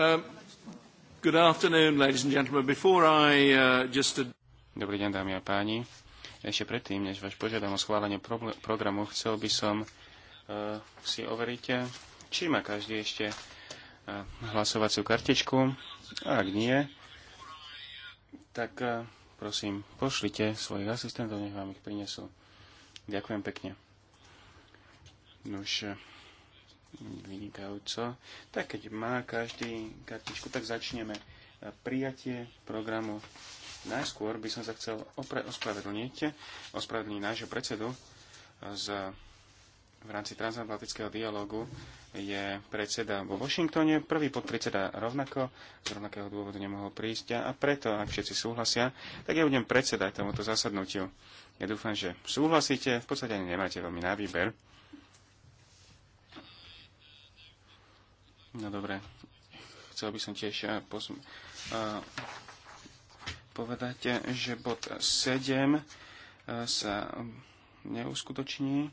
Um, good afternoon, ladies and gentlemen. Before I uh, just... A... Dobrý deň, dámy a páni. Ešte predtým, než vás požiadam o schválenie programu, chcel by som uh, si overiť, uh, či má každý ešte uh, hlasovaciu kartičku. A ak nie, tak uh, prosím, pošlite svojich asistentov, nech vám ich prinesú. Ďakujem pekne. No, uh, vynikajúco. Tak keď má každý kartičku, tak začneme prijatie programu. Najskôr by som sa chcel opre- ospravedlniť, ospravedlniť nášho predsedu z, v rámci transatlantického dialogu je predseda vo Washingtone, prvý podpredseda rovnako, z rovnakého dôvodu nemohol prísť a preto, ak všetci súhlasia, tak ja budem predsedať tomuto zasadnutiu. Ja dúfam, že súhlasíte, v podstate ani nemáte veľmi na výber. No dobre, chcel by som tiež uh, povedať, že bod 7 eh, sa neuskutoční.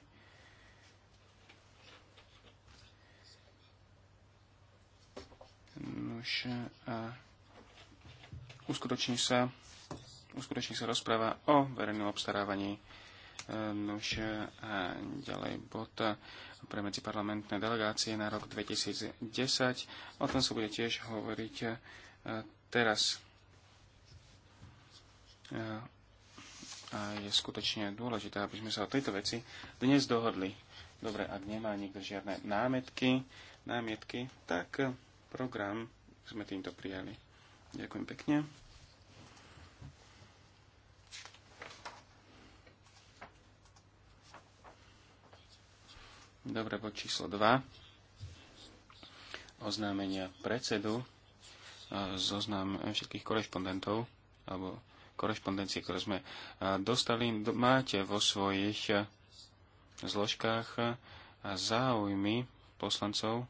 Nož a uskutoční sa, uskutoční sa rozpráva o verejnom obstarávaní Nože ehm, a ďalej bod e, pre medziparlamentné delegácie na rok 2010. O tom sa bude tiež hovoriť e, teraz. E, a je skutočne dôležité, aby sme sa o tejto veci dnes dohodli. Dobre, ak nemá nikto žiadne námetky, námietky, tak program sme týmto prijali. Ďakujem pekne. Dobre, bod číslo 2. Oznámenia predsedu zoznam všetkých korešpondentov alebo korešpondencie, ktoré sme dostali, máte vo svojich zložkách záujmy poslancov,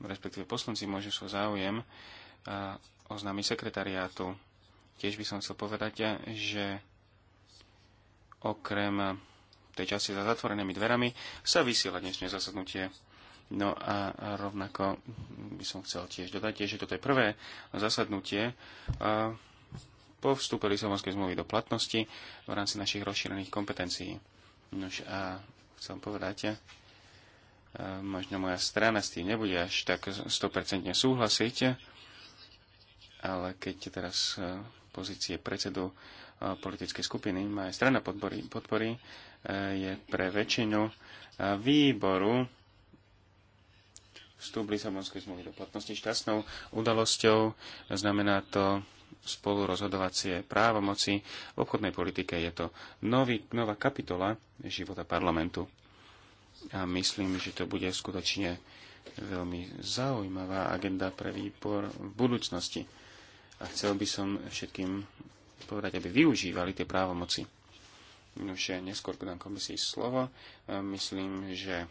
respektíve poslanci môžu svoj záujem oznámiť sekretariátu. Tiež by som chcel povedať, že okrem v tej časti za zatvorenými dverami sa vysiela dnešné zasadnutie. No a rovnako by som chcel tiež dodať, že toto je prvé zasadnutie po vstupe Lisabonskej zmluvy do platnosti v rámci našich rozšírených kompetencií. Nož a chcem povedať, možno moja strana s tým nebude až tak 100% súhlasiť, ale keď teraz pozície predsedu e, politickej skupiny, má aj strana podpory, podpory e, je pre väčšinu e, výboru vstup Lisabonskej zmluvy do platnosti šťastnou udalosťou. Znamená to spolurozhodovacie právomoci. V obchodnej politike je to nový, nová kapitola života parlamentu. A myslím, že to bude skutočne veľmi zaujímavá agenda pre výbor v budúcnosti a chcel by som všetkým povedať, aby využívali tie právomoci. Už neskôr podám komisii slovo. Myslím, že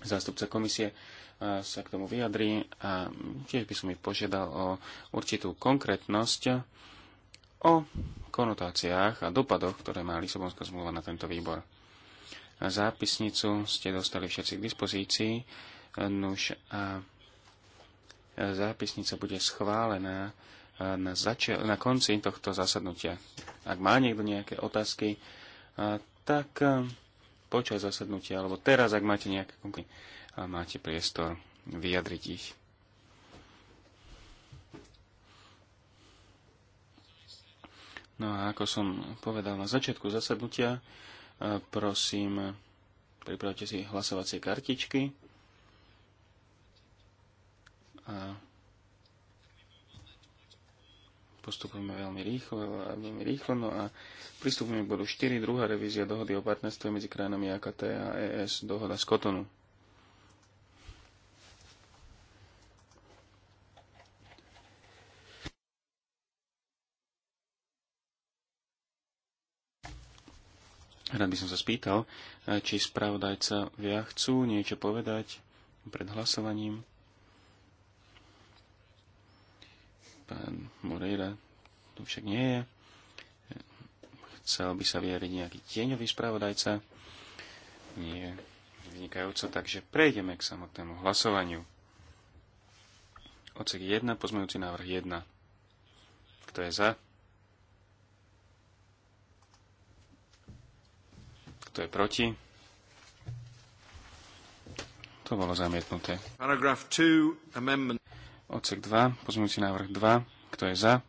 zástupca komisie sa k tomu vyjadrí a tiež by som ich požiadal o určitú konkrétnosť o konotáciách a dopadoch, ktoré má Lisabonská zmluva na tento výbor. Zápisnicu ste dostali všetci k dispozícii. Nuž a zápisnica bude schválená na, na konci tohto zasadnutia. Ak má niekto nejaké otázky, tak počas zasadnutia, alebo teraz, ak máte nejaké konkrétne, máte priestor vyjadriť ich. No a ako som povedal na začiatku zasadnutia, prosím, pripravte si hlasovacie kartičky. A postupujeme veľmi rýchlo, veľmi rýchlo, no a pristupujeme k bodu 4, druhá revízia dohody o partnerstve medzi krajinami AKT a ES, dohoda z Kotonu. Rád by som sa spýtal, či spravodajca via chcú niečo povedať pred hlasovaním. Pán Moreira tu však nie je. Chcel by sa vyjadriť nejaký tieňový spravodajca. Nie vynikajúco, takže prejdeme k samotnému hlasovaniu. Ocek 1, pozmejúci návrh 1. Kto je za? Kto je proti? To bolo zamietnuté. Paragraf 2, amendment odsek 2, pozmeňujúci návrh 2, kto je za?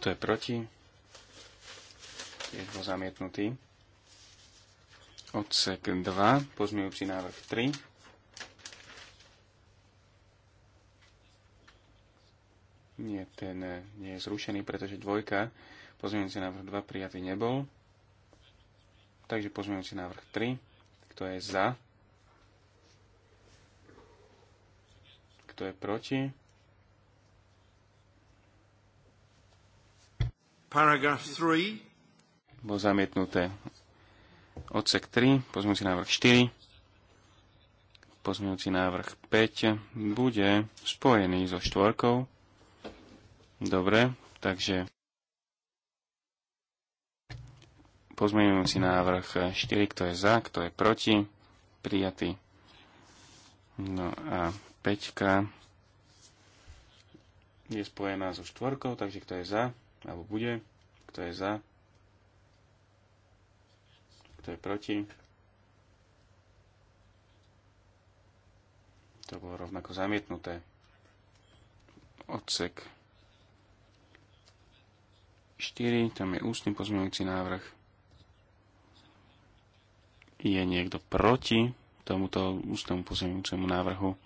Kto je proti? Je bol zamietnutý. Odsek 2, pozmeňujúci návrh 3. Nie, ten nie je zrušený, pretože dvojka pozmeňujúci návrh 2 prijatý nebol. Takže pozmeňujúci návrh 3. Kto je za? Kto je proti? Paragraf 3. Bol zamietnuté odsek 3, pozmeňujúci návrh 4, pozmeňujúci návrh 5 bude spojený so štvorkou. Dobre, takže Pozmeňujúci návrh 4, kto je za, kto je proti, prijatý. No a 5 je spojená so štvorkou, takže kto je za, alebo bude, kto je za, kto je proti. To bolo rovnako zamietnuté. Odsek 4, tam je ústny pozmeňujúci návrh. Je niekto proti tomuto ústnemu pozemujúcemu návrhu?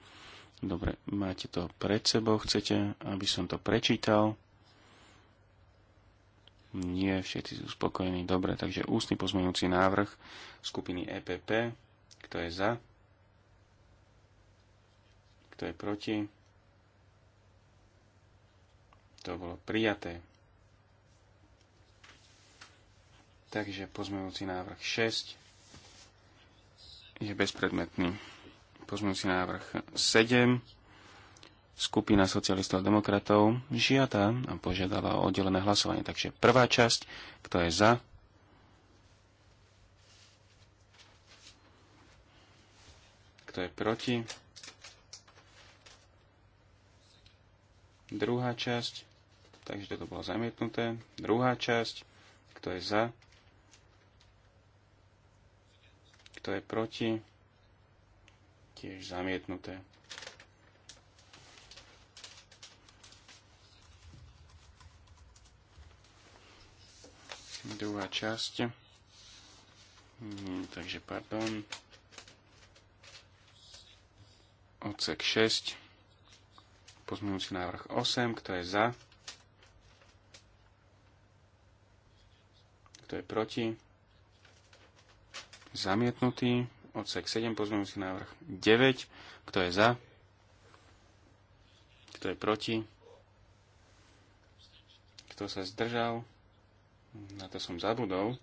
Dobre, máte to pred sebou, chcete, aby som to prečítal? Nie, všetci sú spokojní. Dobre, takže ústny pozmeňujúci návrh skupiny EPP. Kto je za? Kto je proti? To bolo prijaté. Takže pozmeňujúci návrh 6 je bezpredmetný. Pozmúci návrh 7. Skupina socialistov a demokratov žiada a požiadala o oddelené hlasovanie. Takže prvá časť, kto je za, kto je proti. Druhá časť, takže toto bolo zamietnuté. Druhá časť, kto je za, Kto je proti? Tiež zamietnuté. Druhá časť. Hmm, takže pardon. Odsek 6. si návrh 8. Kto je za? Kto je proti? zamietnutý. Odsek 7, pozmeňujúci návrh 9. Kto je za? Kto je proti? Kto sa zdržal? Na to som zabudol.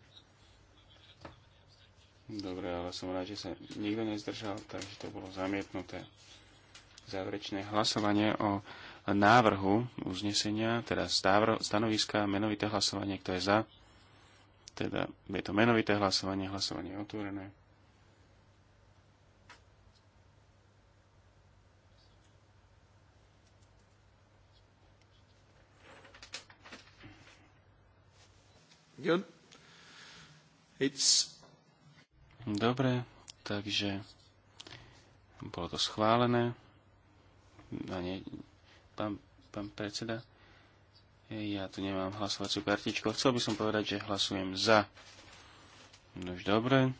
Dobre, ale som rád, že sa nikto nezdržal, takže to bolo zamietnuté. Záverečné hlasovanie o návrhu uznesenia, teda stanoviska, menovité hlasovanie, kto je za, teda je to menovité hlasovanie, hlasovanie je otvorené. Good. It's... Dobre, takže bolo to schválené. nie, pán, pán predseda, ja tu nemám hlasovaciu kartičku. Chcel by som povedať, že hlasujem za. No už dobre.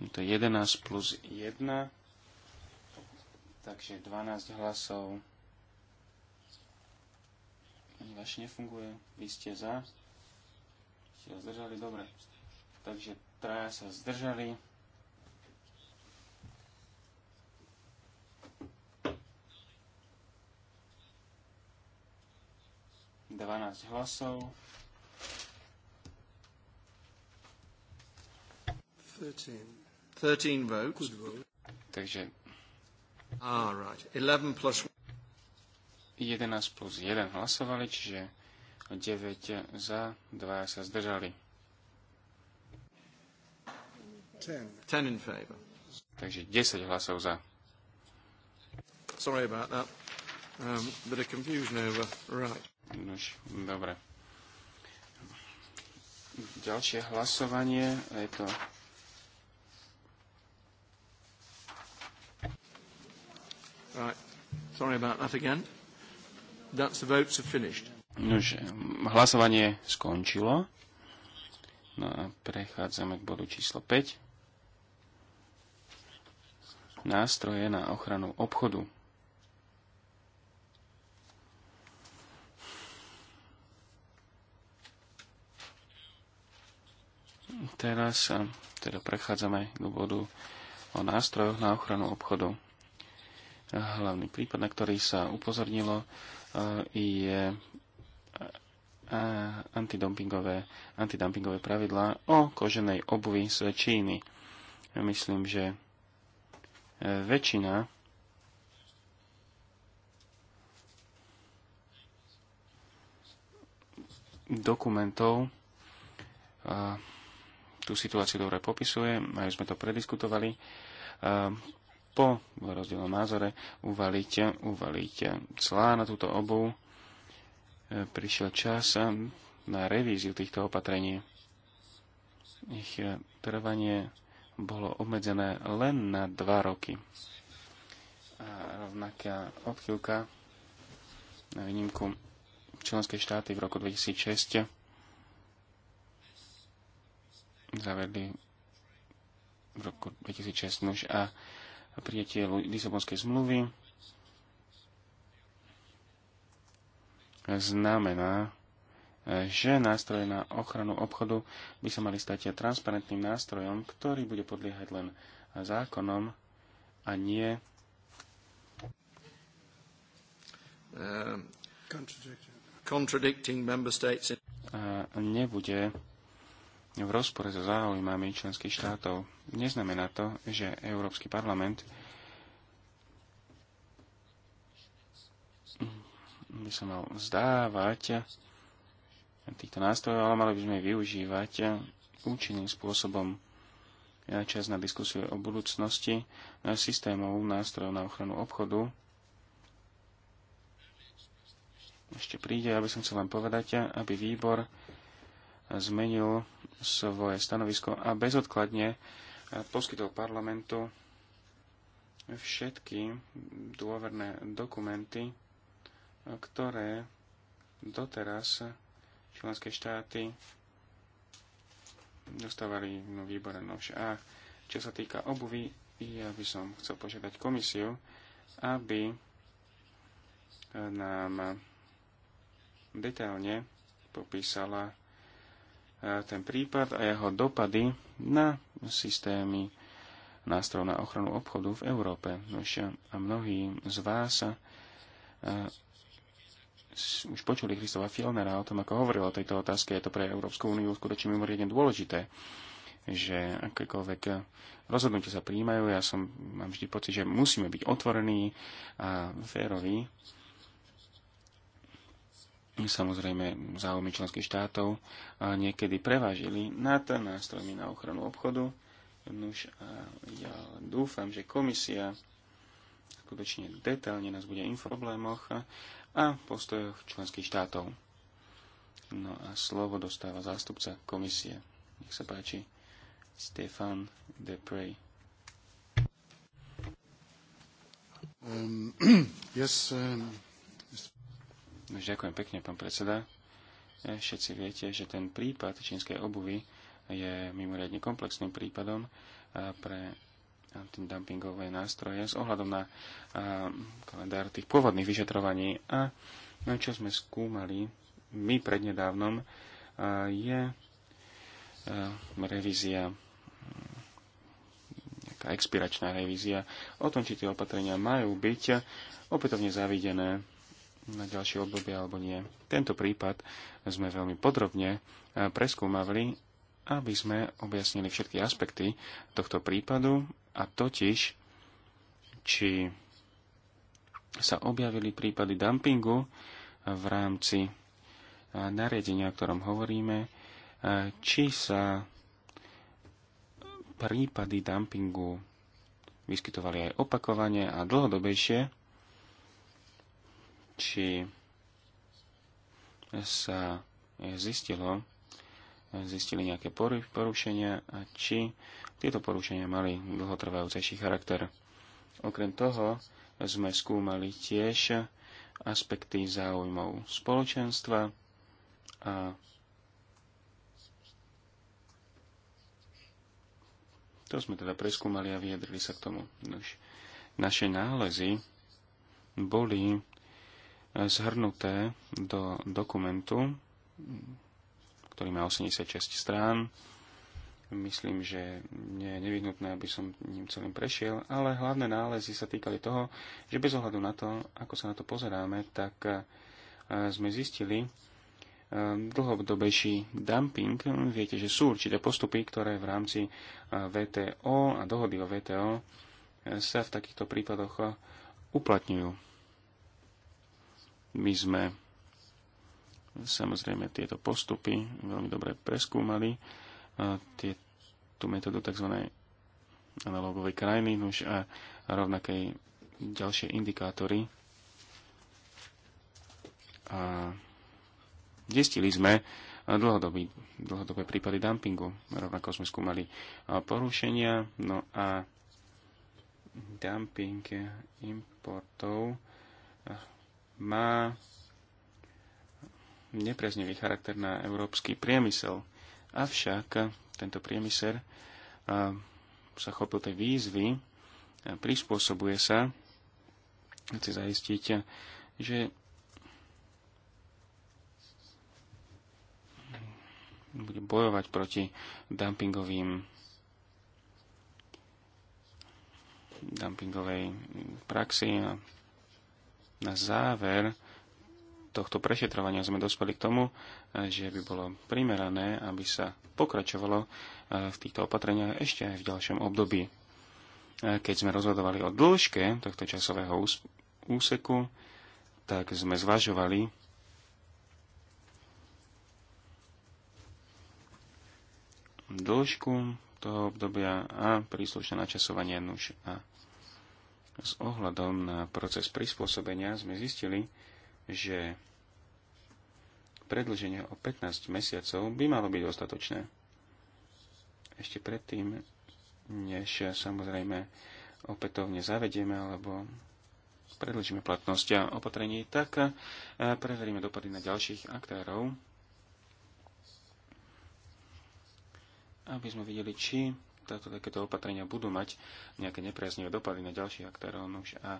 To je 11 plus 1. Takže 12 hlasov. Vaš nefunguje. Vy ste za. Ste zdržali dobre. Takže traja sa zdržali. 12 hlasov. 13. 13 votes. Takže 11 ah, plus 1 plus hlasovali, čiže 9 za, 2 sa zdržali. 10. 10 in favor. Takže 10 hlasov za. Sorry about that. Um, bit of confusion over. Right. Nož, dobre. Ďalšie hlasovanie je to Right. Sorry about that again. That's the votes are finished. Nož, hlasovanie skončilo. No a prechádzame k bodu číslo 5. Nástroje na ochranu obchodu. Teraz teda prechádzame k bodu o nástrojoch na ochranu obchodu. Hlavný prípad, na ktorý sa upozornilo, je antidumpingové, antidumpingové pravidlá o koženej obuvi z Číny. Myslím, že e, väčšina dokumentov tú situáciu dobre popisuje, aj sme to prediskutovali. Po rozdielnom názore uvaliť, uvaliť clá na túto obu e, prišiel čas na revíziu týchto opatrení. Ich e, trvanie bolo obmedzené len na dva roky. A rovnaká odchýlka na výnimku členské štáty v roku 2006 zavedli v roku 2006 a prijatie Lisabonskej zmluvy znamená, že nástroje na ochranu obchodu by sa mali stať transparentným nástrojom, ktorý bude podliehať len zákonom a nie ehm, a nebude v rozpore so záujmami členských štátov. Neznamená to, že Európsky parlament by sa mal vzdávať týchto nástrojov, ale mali by sme ich využívať účinným spôsobom čas na diskusiu o budúcnosti systémov nástrojov na ochranu obchodu. Ešte príde, aby som chcel len povedať, aby výbor zmenil svoje stanovisko a bezodkladne poskytol parlamentu všetky dôverné dokumenty, ktoré doteraz členské štáty dostávali no, výbore nož. A čo sa týka obuvy, ja by som chcel požiadať komisiu, aby nám detailne popísala E, ten prípad a jeho dopady na systémy nástrojov na ochranu obchodu v Európe. E, a mnohí z vás e, už počuli Kristova Filnera o tom, ako hovoril o tejto otázke. Je to pre Európsku úniu skutočne mimoriadne dôležité že akékoľvek rozhodnutia sa príjmajú. Ja som, mám vždy pocit, že musíme byť otvorení a féroví samozrejme záujmy členských štátov niekedy prevážili nad nástrojmi na ochranu obchodu. Nuž a ja dúfam, že komisia skutočne detailne nás bude informovať o problémoch a postojoch členských štátov. No a slovo dostáva zástupca komisie. Nech sa páči, Stefan Deprej. Um, yes, um... Ďakujem pekne, pán predseda. E, všetci viete, že ten prípad čínskej obuvy je mimoriadne komplexným prípadom e, pre antidumpingové nástroje s ohľadom na e, kalendár tých pôvodných vyšetrovaní. A no, čo sme skúmali my prednedávnom, je revízia mm, expiračná revízia o tom, či tie opatrenia majú byť opätovne zavidené na ďalšie obdobie alebo nie. Tento prípad sme veľmi podrobne eh, preskúmavali, aby sme objasnili všetky aspekty tohto prípadu a totiž, či sa objavili prípady dumpingu eh, v rámci eh, nariadenia, o ktorom hovoríme, či sa prípady dumpingu vyskytovali aj opakovane a dlhodobejšie, či sa zistilo, zistili nejaké porušenia a či tieto porušenia mali dlhotrvajúcejší charakter. Okrem toho sme skúmali tiež aspekty záujmov spoločenstva a to sme teda preskúmali a vyjadrili sa k tomu. Naše nálezy boli zhrnuté do dokumentu, ktorý má 86 strán. Myslím, že nie je nevyhnutné, aby som ním celým prešiel, ale hlavné nálezy sa týkali toho, že bez ohľadu na to, ako sa na to pozeráme, tak e, sme zistili e, dlhodobejší dumping. Viete, že sú určité postupy, ktoré v rámci e, VTO a dohody o VTO sa v takýchto prípadoch uplatňujú my sme samozrejme tieto postupy veľmi dobre preskúmali, tie, tú metódu tzv. analogovej krajiny nuž a rovnaké ďalšie indikátory. A zistili sme dlhodobý, dlhodobé prípady dumpingu. Rovnako sme skúmali porušenia, no a dumping importov má nepreznivý charakter na európsky priemysel. Avšak tento priemysel sa chopil tej výzvy, a prispôsobuje sa, chce zaistiť, že bude bojovať proti dumpingovým dumpingovej praxi a na záver tohto prešetrovania sme dospeli k tomu, že by bolo primerané, aby sa pokračovalo e, v týchto opatreniach ešte aj v ďalšom období. E, keď sme rozhodovali o dĺžke tohto časového úseku, tak sme zvažovali dĺžku toho obdobia a príslušné načasovanie nuž a s ohľadom na proces prispôsobenia sme zistili, že predlženie o 15 mesiacov by malo byť dostatočné. Ešte predtým, než samozrejme opätovne zavedieme alebo predlžíme platnosť a opatrení, tak preveríme dopady na ďalších aktérov, aby sme videli, či táto, takéto opatrenia budú mať nejaké nepriaznivé dopady na ďalších aktérov. Nuž a,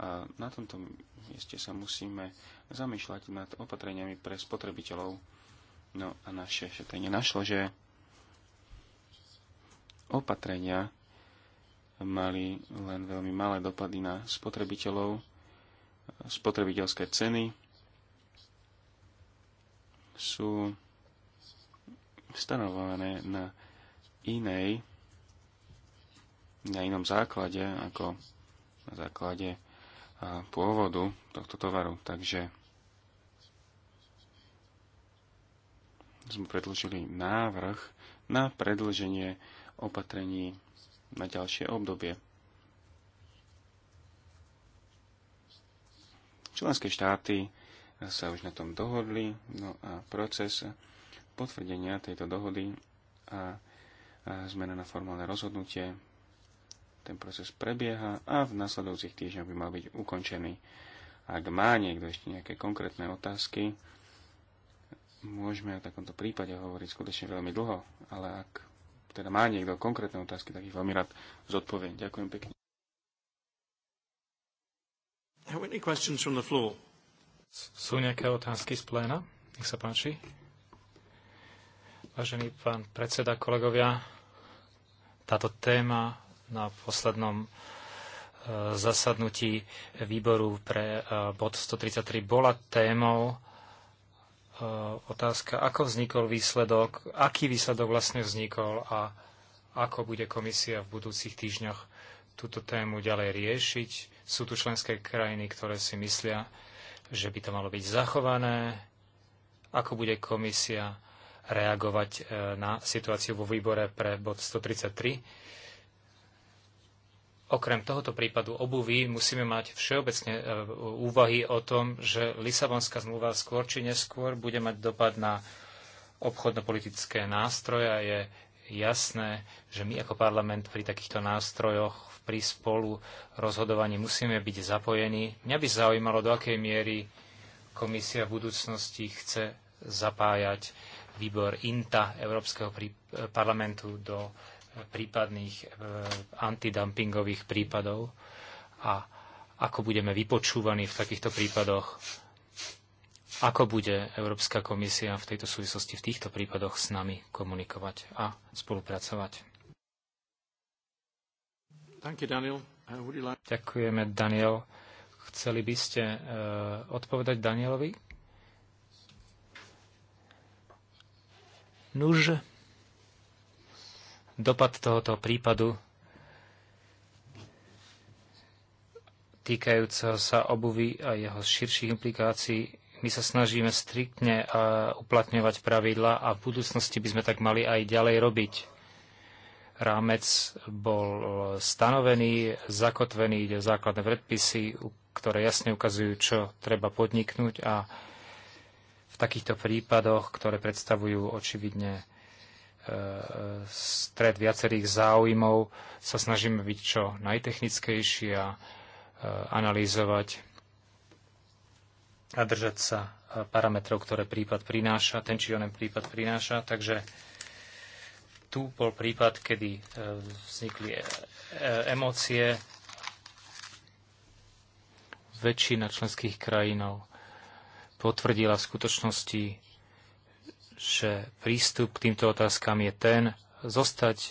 a na tomto mieste sa musíme zamýšľať nad opatreniami pre spotrebiteľov. No a naše šetrenie našlo, že opatrenia mali len veľmi malé dopady na spotrebiteľov, spotrebiteľské ceny sú stanovované na inej na inom základe ako na základe pôvodu tohto tovaru. Takže sme predložili návrh na predlženie opatrení na ďalšie obdobie. Členské štáty sa už na tom dohodli, no a proces potvrdenia tejto dohody a zmena na formálne rozhodnutie ten proces prebieha a v nasledujúcich týždňoch by mal byť ukončený. Ak má niekto ešte nejaké konkrétne otázky, môžeme o takomto prípade hovoriť skutočne veľmi dlho, ale ak teda má niekto konkrétne otázky, tak ich veľmi rád zodpoviem. Ďakujem pekne. Sú nejaké otázky z pléna? Nech sa páči. Vážený pán predseda, kolegovia, táto téma na poslednom e, zasadnutí výboru pre e, bod 133 bola témou e, otázka, ako vznikol výsledok, aký výsledok vlastne vznikol a ako bude komisia v budúcich týždňoch túto tému ďalej riešiť. Sú tu členské krajiny, ktoré si myslia, že by to malo byť zachované, ako bude komisia reagovať na situáciu vo výbore pre bod 133 Okrem tohoto prípadu obuvy musíme mať všeobecne e, úvahy o tom, že Lisabonská zmluva skôr či neskôr bude mať dopad na obchodnopolitické nástroje a je jasné, že my ako parlament pri takýchto nástrojoch pri spolu rozhodovaní musíme byť zapojení. Mňa by zaujímalo, do akej miery komisia v budúcnosti chce zapájať výbor INTA Európskeho e, parlamentu do prípadných e, antidumpingových prípadov a ako budeme vypočúvaní v takýchto prípadoch, ako bude Európska komisia v tejto súvislosti v týchto prípadoch s nami komunikovať a spolupracovať. You, Daniel. Uh, like... Ďakujeme, Daniel. Chceli by ste uh, odpovedať Danielovi? Nuž. Dopad tohoto prípadu týkajúceho sa obuvy a jeho širších implikácií. My sa snažíme striktne eh, uplatňovať pravidla a v budúcnosti by sme tak mali aj ďalej robiť. Rámec bol eh, stanovený, zakotvený ide základné predpisy, ktoré jasne ukazujú, čo treba podniknúť a v takýchto prípadoch, ktoré predstavujú očividne stred viacerých záujmov sa snažíme byť čo najtechnickejší a e, analýzovať a držať sa e, parametrov, ktoré prípad prináša, ten či onen prípad prináša. Takže tu bol prípad, kedy e, vznikli emócie. Väčšina členských krajinov potvrdila v skutočnosti že prístup k týmto otázkam je ten zostať e,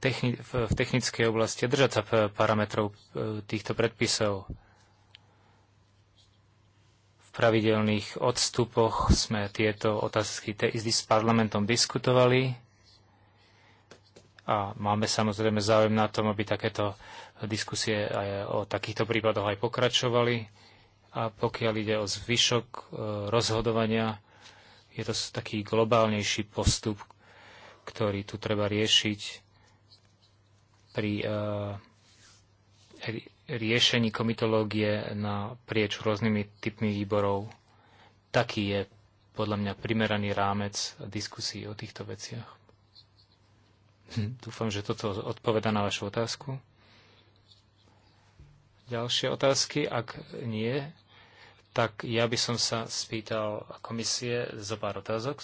techni- v technickej oblasti a držať sa parametrov e, týchto predpisov. V pravidelných odstupoch sme tieto otázky s parlamentom diskutovali a máme samozrejme záujem na tom, aby takéto diskusie aj o takýchto prípadoch aj pokračovali. A pokiaľ ide o zvyšok e, rozhodovania, je to taký globálnejší postup, ktorý tu treba riešiť pri e, riešení komitológie na prieč rôznymi typmi výborov. Taký je podľa mňa primeraný rámec diskusí o týchto veciach. Hm, dúfam, že toto odpoveda na vašu otázku. Ďalšie otázky, ak nie, tak ja by som sa spýtal komisie zo pár otázok.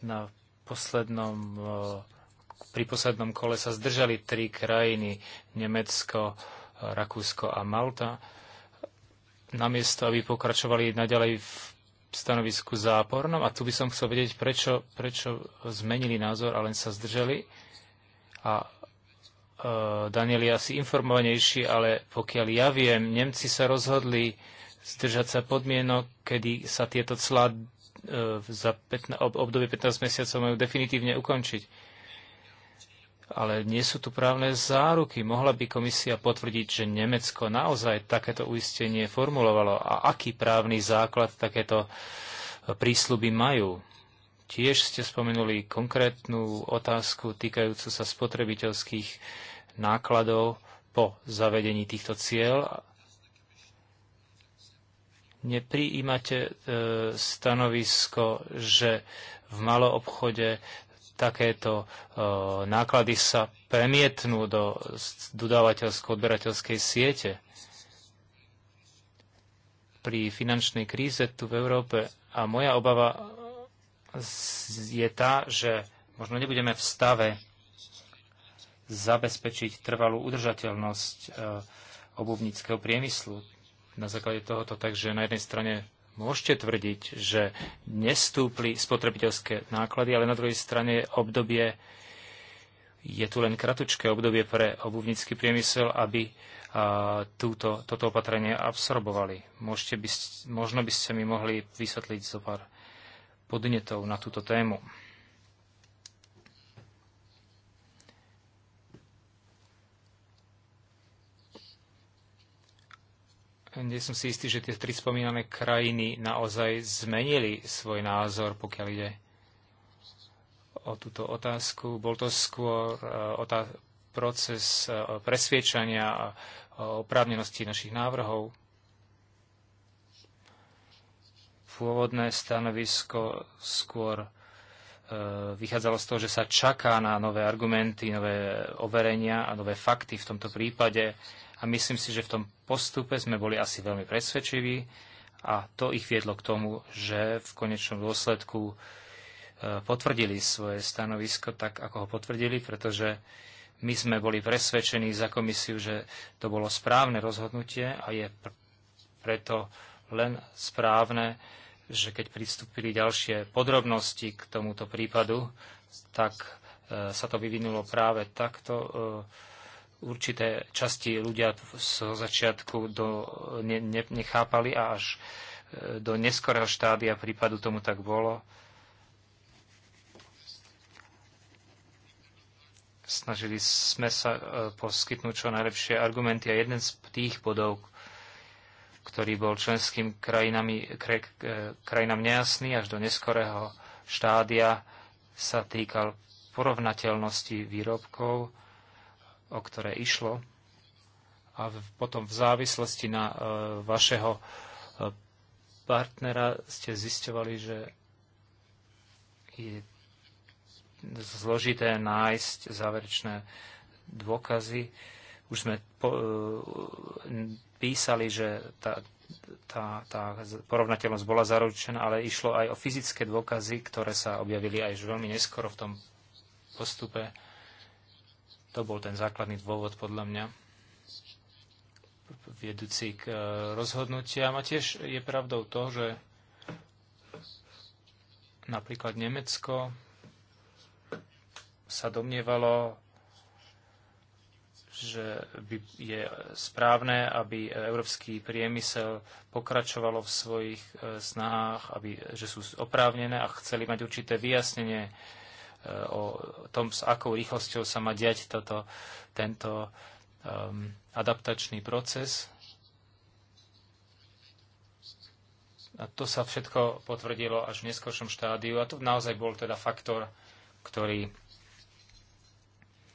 Na poslednom, eh, pri poslednom kole sa zdržali tri krajiny, Nemecko, eh, Rakúsko a Malta, namiesto, aby pokračovali naďalej v stanovisku zápornom. A tu by som chcel vedieť, prečo, prečo zmenili názor a len sa zdržali. A Eh, Daniel je asi informovanejší, ale pokiaľ ja viem, Nemci sa rozhodli zdržať sa podmienok, kedy sa tieto clá eh, za obdobie 15 mesiacov majú definitívne ukončiť. Ale nie sú tu právne záruky. Mohla by komisia potvrdiť, že Nemecko naozaj takéto uistenie formulovalo a aký právny základ takéto eh, prísluby majú. Tiež ste spomenuli konkrétnu otázku týkajúcu sa spotrebiteľských nákladov po zavedení týchto cieľ. Neprijímate e, stanovisko, že v maloobchode takéto e, náklady sa premietnú do dodávateľsko-odberateľskej siete pri finančnej kríze tu v Európe. A moja obava je tá, že možno nebudeme v stave zabezpečiť trvalú udržateľnosť e, obuvníckého priemyslu. Na základe tohoto, takže na jednej strane môžete tvrdiť, že nestúpli spotrebiteľské náklady, ale na druhej strane obdobie je tu len kratučké obdobie pre obuvnícky priemysel, aby a, e, túto, toto opatrenie absorbovali. Môžete by, možno by ste mi mohli vysvetliť zo pár podnetov na túto tému. nie som si istý, že tie tri spomínané krajiny naozaj zmenili svoj názor, pokiaľ ide o túto otázku. Bol to skôr e, otá- proces e, presviečania a e, oprávnenosti našich návrhov. Pôvodné stanovisko skôr vychádzalo z toho, že sa čaká na nové argumenty, nové overenia a nové fakty v tomto prípade. A myslím si, že v tom postupe sme boli asi veľmi presvedčiví a to ich viedlo k tomu, že v konečnom dôsledku e, potvrdili svoje stanovisko tak, ako ho potvrdili, pretože my sme boli presvedčení za komisiu, že to bolo správne rozhodnutie a je pr preto len správne, že keď pristúpili ďalšie podrobnosti k tomuto prípadu, tak e, sa to vyvinulo práve takto. E, určité časti ľudia z začiatku do, ne, ne, nechápali a až e, do neskorého štádia prípadu tomu tak bolo. Snažili sme sa e, poskytnúť čo najlepšie argumenty a jeden z tých bodov, ktorý bol členským krajinami, kre, e, krajinám nejasný až do neskorého štádia, sa týkal porovnateľnosti výrobkov o ktoré išlo a v, potom v závislosti na e, vašeho e, partnera ste zistovali, že je zložité nájsť záverečné dôkazy. Už sme po, e, písali, že tá, tá, tá porovnateľnosť bola zaručená, ale išlo aj o fyzické dôkazy, ktoré sa objavili aj už veľmi neskoro v tom postupe. To bol ten základný dôvod podľa mňa viedúci k e, rozhodnutiam. A tiež je pravdou to, že napríklad Nemecko sa domnievalo, že by je správne, aby európsky priemysel pokračovalo v svojich e, snahách, aby, že sú oprávnené a chceli mať určité vyjasnenie o tom, s akou rýchlosťou sa má diať toto, tento um, adaptačný proces. A to sa všetko potvrdilo až v neskôršom štádiu a to naozaj bol teda faktor, ktorý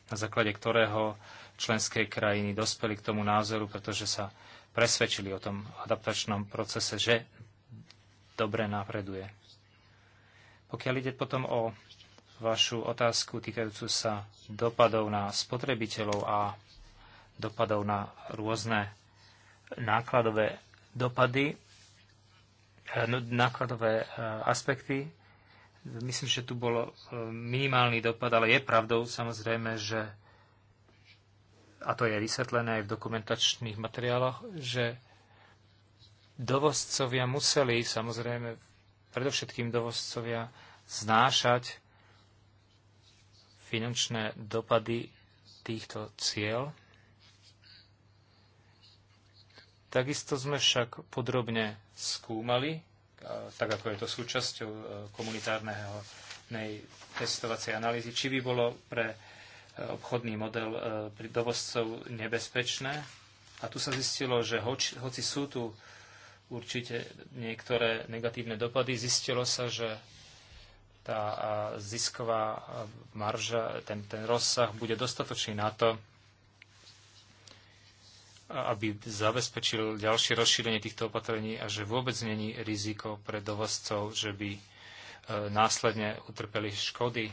na základe ktorého členské krajiny dospeli k tomu názoru, pretože sa presvedčili o tom adaptačnom procese, že dobre napreduje. Pokiaľ ide potom o vašu otázku týkajúcu sa dopadov na spotrebiteľov a dopadov na rôzne nákladové dopady, eh, no, nákladové eh, aspekty. Myslím, že tu bol eh, minimálny dopad, ale je pravdou samozrejme, že a to je vysvetlené aj v dokumentačných materiáloch, že dovozcovia museli, samozrejme, predovšetkým dovozcovia znášať finančné dopady týchto cieľ. Takisto sme však podrobne skúmali, tak ako je to súčasťou e, komunitárneho testovacej analýzy, či by bolo pre e, obchodný model e, pri dovozcov nebezpečné. A tu sa zistilo, že hoci, hoci sú tu určite niektoré negatívne dopady, zistilo sa, že tá zisková marža, ten, ten rozsah bude dostatočný na to, aby zabezpečil ďalšie rozšírenie týchto opatrení a že vôbec není riziko pre dovozcov, že by e, následne utrpeli škody.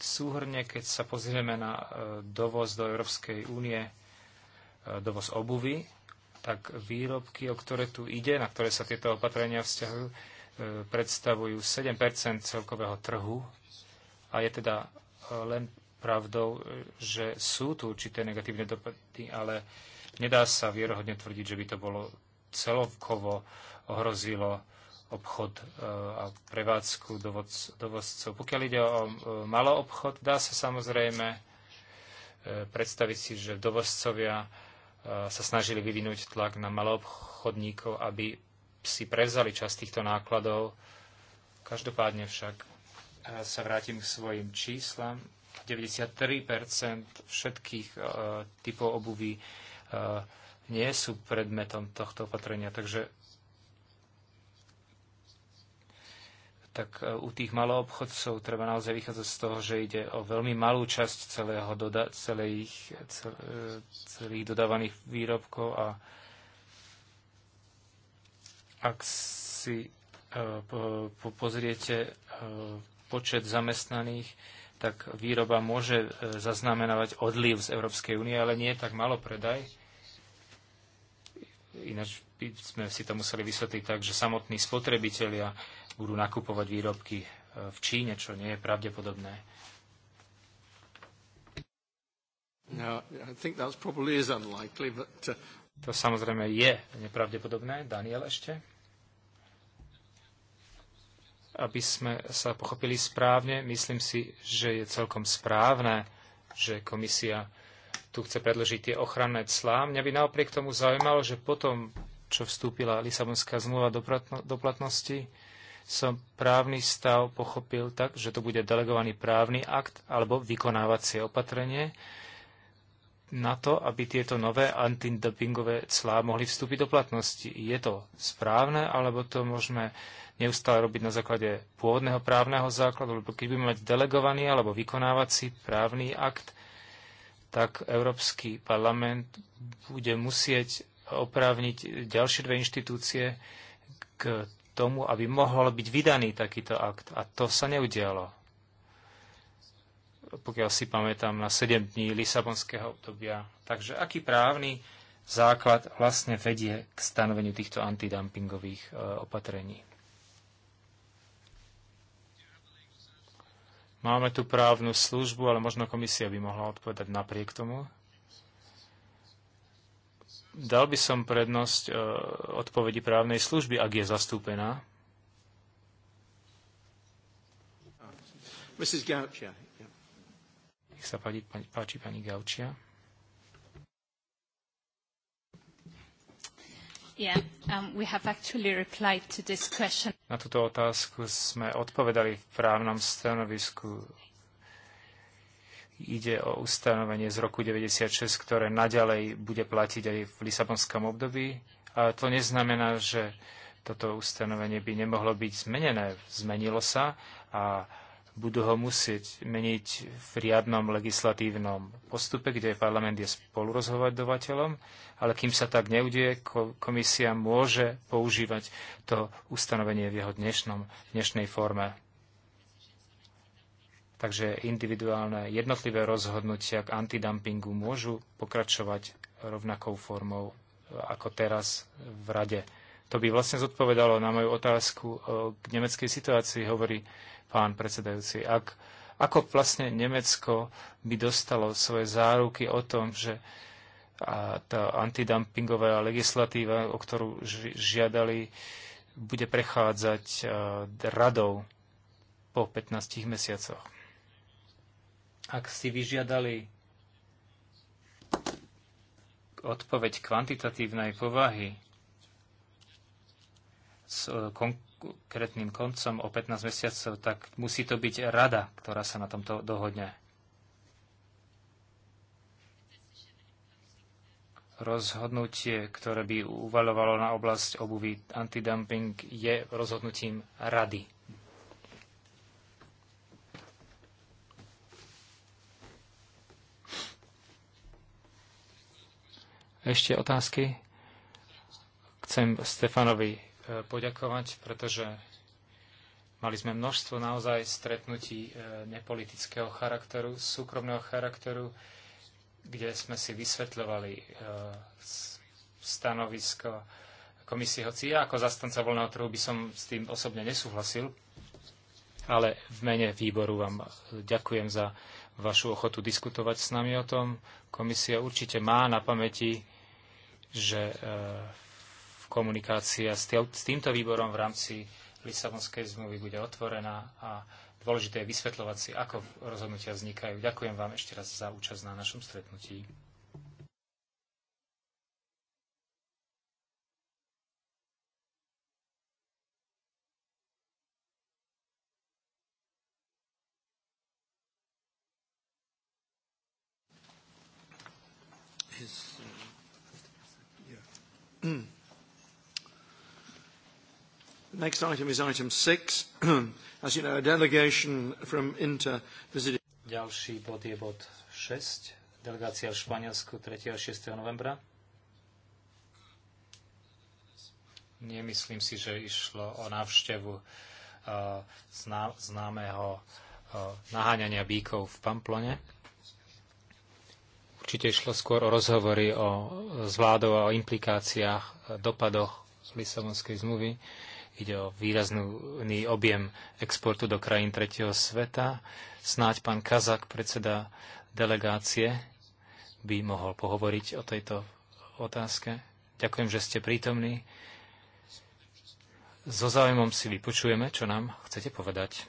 Súhrne, keď sa pozrieme na e, dovoz do Európskej únie, e, dovoz obuvy, tak výrobky, o ktoré tu ide, na ktoré sa tieto opatrenia vzťahujú, predstavujú 7 celkového trhu a je teda e, len pravdou, e, že sú tu určité negatívne dopady, ale nedá sa vierohodne tvrdiť, že by to bolo celovkovo ohrozilo obchod e, a prevádzku dovozcov. Pokiaľ ide o maloobchod, dá sa samozrejme predstaviť si, že dovozcovia sa snažili vyvinúť tlak na maloobchodníkov, aby si prevzali časť týchto nákladov. Každopádne však e, sa vrátim k svojim číslam. 93% všetkých e, typov obuvy e, nie sú predmetom tohto opatrenia. Takže tak u tých maloobchodcov treba naozaj vychádzať z toho, že ide o veľmi malú časť celého doda- celých, celých dodávaných výrobkov a ak si e, pozriete e, počet zamestnaných, tak výroba môže e, zaznamenávať odliv z Európskej únie, ale nie tak malo predaj. Ináč by sme si to museli vysvetliť tak, že samotní spotrebitelia budú nakupovať výrobky v Číne, čo nie je pravdepodobné. No, uh, to samozrejme je nepravdepodobné. Daniel ešte? aby sme sa pochopili správne, myslím si, že je celkom správne, že komisia tu chce predložiť tie ochranné clá. Mňa by naopriek tomu zaujímalo, že potom, čo vstúpila Lisabonská zmluva do, platnosti, som právny stav pochopil tak, že to bude delegovaný právny akt alebo vykonávacie opatrenie na to, aby tieto nové antidopingové clá mohli vstúpiť do platnosti. Je to správne, alebo to môžeme neustále robiť na základe pôvodného právneho základu, lebo keď budeme mať delegovaný alebo vykonávací právny akt, tak Európsky parlament bude musieť oprávniť ďalšie dve inštitúcie k tomu, aby mohol byť vydaný takýto akt. A to sa neudialo pokiaľ si pamätám, na 7 dní Lisabonského obdobia. Takže aký právny základ vlastne vedie k stanoveniu týchto antidumpingových e, opatrení? Máme tu právnu službu, ale možno komisia by mohla odpovedať napriek tomu. Dal by som prednosť e, odpovedi právnej služby, ak je zastúpená. Mrs. Goucher, nech sa páči, páči pani Gaučia. Yeah, um, we have actually replied to this question. Na túto otázku sme odpovedali v právnom stanovisku. Ide o ustanovenie z roku 96, ktoré naďalej bude platiť aj v Lisabonskom období. A to neznamená, že toto ustanovenie by nemohlo byť zmenené. Zmenilo sa a budú ho musieť meniť v riadnom legislatívnom postupe, kde parlament je spolurozhovadovateľom, ale kým sa tak neudie, komisia môže používať to ustanovenie v jeho dnešnom, dnešnej forme. Takže individuálne jednotlivé rozhodnutia k antidumpingu môžu pokračovať rovnakou formou e, ako teraz v Rade. To by vlastne zodpovedalo na moju otázku e, k nemeckej situácii. Hovorí pán predsedajúci. Ak, ako vlastne Nemecko by dostalo svoje záruky o tom, že a tá antidumpingová legislatíva, o ktorú žiadali, bude prechádzať e, radou po 15 mesiacoch. Ak si vyžiadali odpoveď kvantitatívnej povahy e, konkrétnym koncom o 15 mesiacov, tak musí to byť rada, ktorá sa na tomto dohodne. Rozhodnutie, ktoré by uvalovalo na oblasť obuvy antidumping, je rozhodnutím rady. Ešte otázky? Chcem Stefanovi poďakovať, pretože mali sme množstvo naozaj stretnutí e, nepolitického charakteru, súkromného charakteru, kde sme si vysvetľovali e, stanovisko komisie, hoci ja ako zastanca voľného trhu by som s tým osobne nesúhlasil, ale v mene výboru vám ďakujem za vašu ochotu diskutovať s nami o tom. Komisia určite má na pamäti, že v e, komunikácia s týmto výborom v rámci Lisabonskej zmluvy bude otvorená a dôležité je vysvetľovať si, ako rozhodnutia vznikajú. Ďakujem vám ešte raz za účasť na našom stretnutí. uh, yeah. Next item is item six. As you know, a delegation from Inter visited... Ďalší bod je bod 6. Delegácia v Španielsku 3. a 6. novembra. Nemyslím si, že išlo o návštevu uh, zná, známeho uh, naháňania bíkov v Pamplone. Určite išlo skôr o rozhovory o, s vládou a o implikáciách, eh, dopadoch Lisabonskej zmluvy. Uh, Ide o výrazný objem exportu do krajín tretieho sveta. Snáď pán Kazak, predseda delegácie, by mohol pohovoriť o tejto otázke. Ďakujem, že ste prítomní. So záujmom si vypočujeme, čo nám chcete povedať.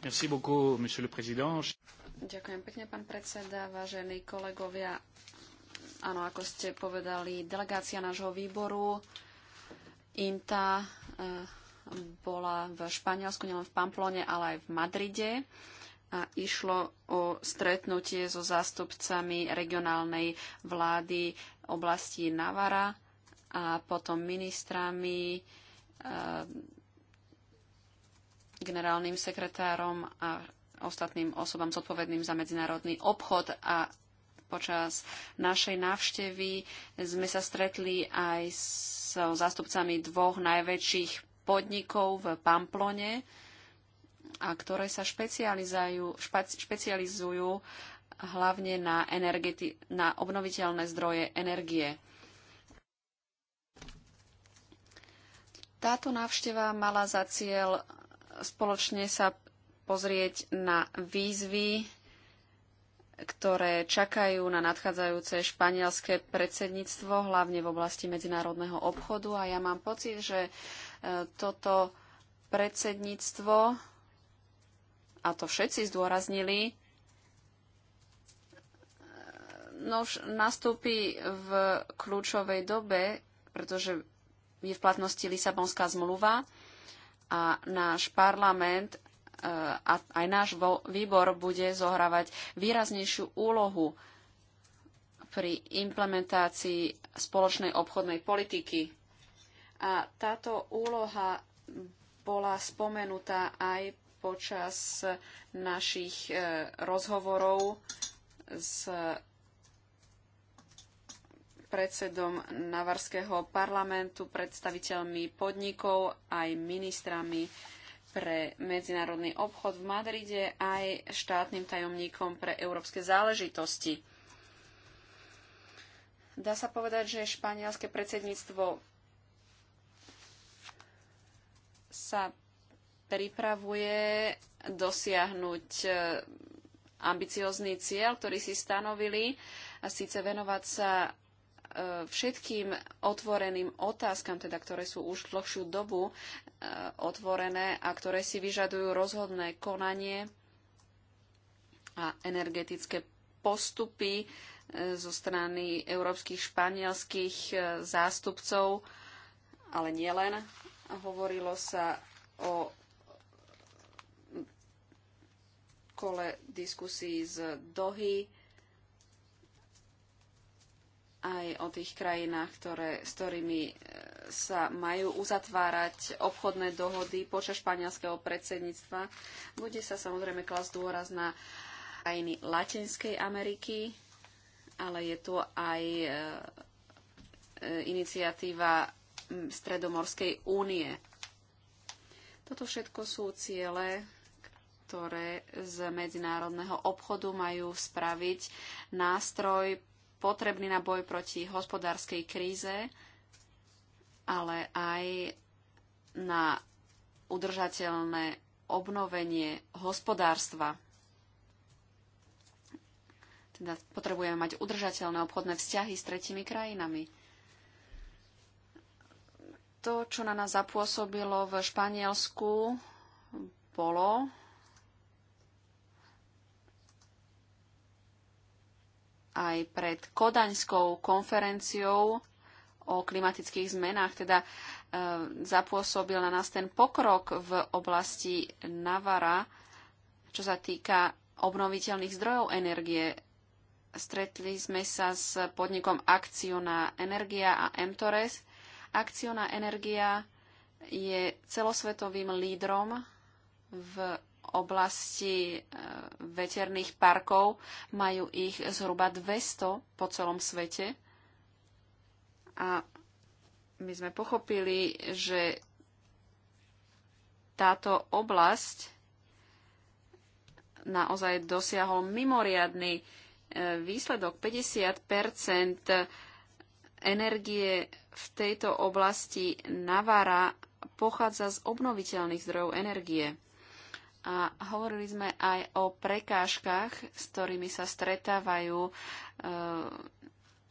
Merci beaucoup, monsieur le président. Ďakujem pekne, pán predseda, vážení kolegovia. Áno, ako ste povedali, delegácia nášho výboru INTA eh, bola v Španielsku, nielen v Pamplone, ale aj v Madride a išlo o stretnutie so zástupcami regionálnej vlády oblasti Navara a potom ministrami, eh, generálnym sekretárom a ostatným osobám zodpovedným za medzinárodný obchod a Počas našej návštevy sme sa stretli aj so zástupcami dvoch najväčších podnikov v Pamplone, a ktoré sa špecializujú, špecializujú hlavne na, na obnoviteľné zdroje energie. Táto návšteva mala za cieľ spoločne sa pozrieť na výzvy ktoré čakajú na nadchádzajúce španielské predsedníctvo, hlavne v oblasti medzinárodného obchodu. A ja mám pocit, že e, toto predsedníctvo, a to všetci zdôraznili, e, no už nastúpi v kľúčovej dobe, pretože je v platnosti Lisabonská zmluva a náš parlament a aj náš výbor bude zohrávať výraznejšiu úlohu pri implementácii spoločnej obchodnej politiky. A táto úloha bola spomenutá aj počas našich e, rozhovorov s predsedom Navarského parlamentu, predstaviteľmi podnikov aj ministrami pre medzinárodný obchod v Madride aj štátnym tajomníkom pre európske záležitosti. Dá sa povedať, že španielské predsedníctvo sa pripravuje dosiahnuť e, ambiciózny cieľ, ktorý si stanovili, a síce venovať sa E, všetkým otvoreným otázkam, teda ktoré sú už dlhšiu dobu e, otvorené a ktoré si vyžadujú rozhodné konanie a energetické postupy e, zo strany európskych španielských zástupcov, ale nielen. Hovorilo sa o kole diskusí z Dohy aj o tých krajinách, ktoré, s ktorými e, sa majú uzatvárať obchodné dohody počas španielského predsedníctva. Bude sa samozrejme klas dôraz na krajiny Latinskej Ameriky, ale je tu aj e, e, iniciatíva Stredomorskej únie. Toto všetko sú ciele, ktoré z medzinárodného obchodu majú spraviť nástroj potrebný na boj proti hospodárskej kríze, ale aj na udržateľné obnovenie hospodárstva. Teda potrebujeme mať udržateľné obchodné vzťahy s tretimi krajinami. To, čo na nás zapôsobilo v Španielsku, bolo aj pred Kodaňskou konferenciou o klimatických zmenách, teda e, zapôsobil na nás ten pokrok v oblasti Navara, čo sa týka obnoviteľných zdrojov energie. Stretli sme sa s podnikom Akciona Energia a MTORES. Akciona Energia je celosvetovým lídrom v oblasti e, veterných parkov. Majú ich zhruba 200 po celom svete. A my sme pochopili, že táto oblasť naozaj dosiahol mimoriadný e, výsledok. 50 energie v tejto oblasti Navara pochádza z obnoviteľných zdrojov energie a hovorili sme aj o prekážkach, s ktorými sa stretávajú e,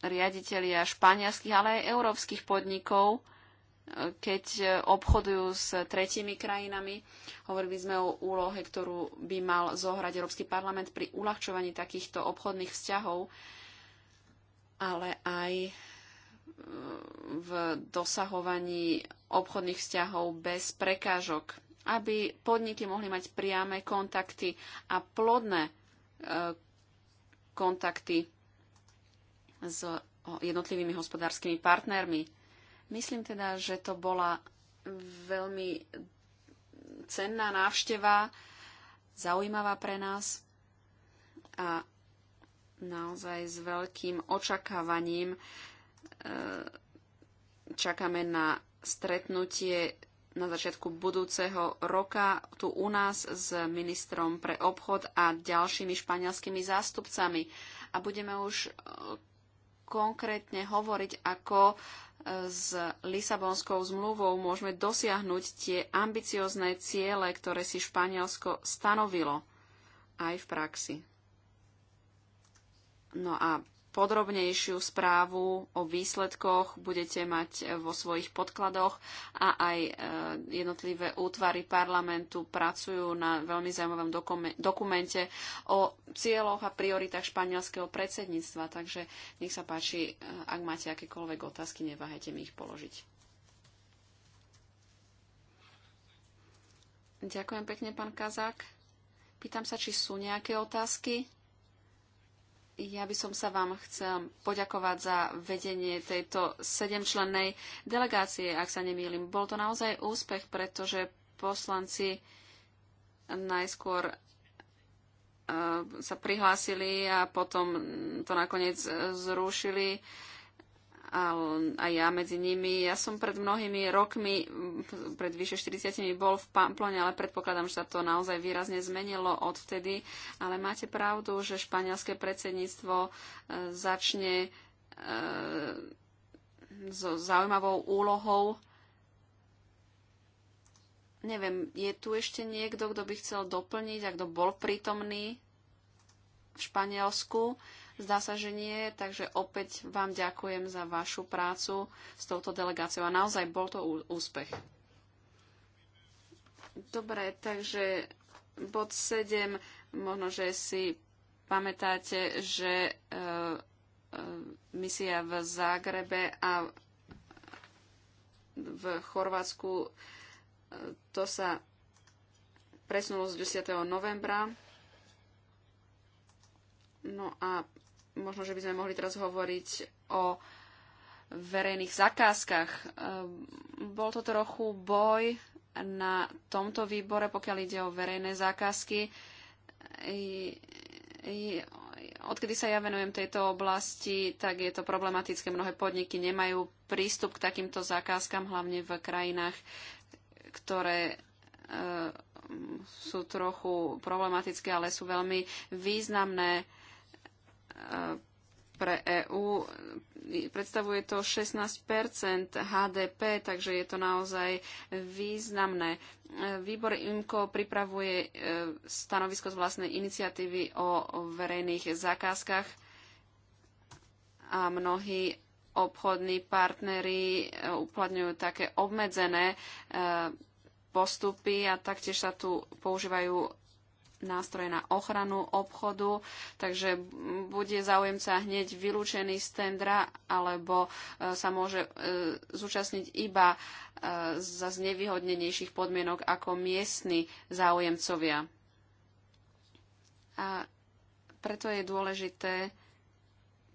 riaditeľia španielských, ale aj európskych podnikov, e, keď obchodujú s tretími krajinami. Hovorili sme o úlohe, ktorú by mal zohrať Európsky parlament pri uľahčovaní takýchto obchodných vzťahov, ale aj e, v dosahovaní obchodných vzťahov bez prekážok aby podniky mohli mať priame kontakty a plodné e, kontakty s jednotlivými hospodárskymi partnermi. Myslím teda, že to bola veľmi cenná návšteva, zaujímavá pre nás a naozaj s veľkým očakávaním e, čakáme na stretnutie na začiatku budúceho roka tu u nás s ministrom pre obchod a ďalšími španielskými zástupcami. A budeme už e, konkrétne hovoriť, ako e, s Lisabonskou zmluvou môžeme dosiahnuť tie ambiciozne ciele, ktoré si Španielsko stanovilo aj v praxi. No a podrobnejšiu správu o výsledkoch budete mať e, vo svojich podkladoch a aj e, jednotlivé útvary parlamentu pracujú na veľmi zaujímavom dokumente o cieľoch a prioritách španielského predsedníctva. Takže nech sa páči, e, ak máte akékoľvek otázky, neváhajte mi ich položiť. Ďakujem pekne, pán Kazák. Pýtam sa, či sú nejaké otázky. Ja by som sa vám chcel poďakovať za vedenie tejto sedemčlennej delegácie, ak sa nemýlim. Bol to naozaj úspech, pretože poslanci najskôr e, sa prihlásili a potom to nakoniec zrušili a, a ja medzi nimi. Ja som pred mnohými rokmi, pred vyše 40 bol v Pamplone, ale predpokladám, že sa to naozaj výrazne zmenilo odvtedy. Ale máte pravdu, že španielské predsedníctvo e, začne e, so zaujímavou úlohou. Neviem, je tu ešte niekto, kto by chcel doplniť a kto bol prítomný v Španielsku? Zdá sa, že nie, takže opäť vám ďakujem za vašu prácu s touto delegáciou a naozaj bol to úspech. Dobre, takže bod 7, možno, že si pamätáte, že e, e, misia v Zágrebe a v Chorvátsku e, to sa presunulo z 10. novembra. No a možno, že by sme mohli teraz hovoriť o verejných zakázkach. Ehm, bol to trochu boj na tomto výbore, pokiaľ ide o verejné zákazky. Odkedy sa ja venujem tejto oblasti, tak je to problematické. Mnohé podniky nemajú prístup k takýmto zákazkám, hlavne v krajinách, ktoré ehm, sú trochu problematické, ale sú veľmi významné pre EÚ. Predstavuje to 16 HDP, takže je to naozaj významné. Výbor IMCO pripravuje e, stanovisko z vlastnej iniciatívy o verejných zákazkách a mnohí obchodní partnery e, uplatňujú také obmedzené e, postupy a taktiež sa tu používajú nástroje na ochranu obchodu, takže bude záujemca hneď vylúčený z tendra alebo e, sa môže e, zúčastniť iba e, za znevýhodnenejších podmienok ako miestni záujemcovia. A preto je dôležité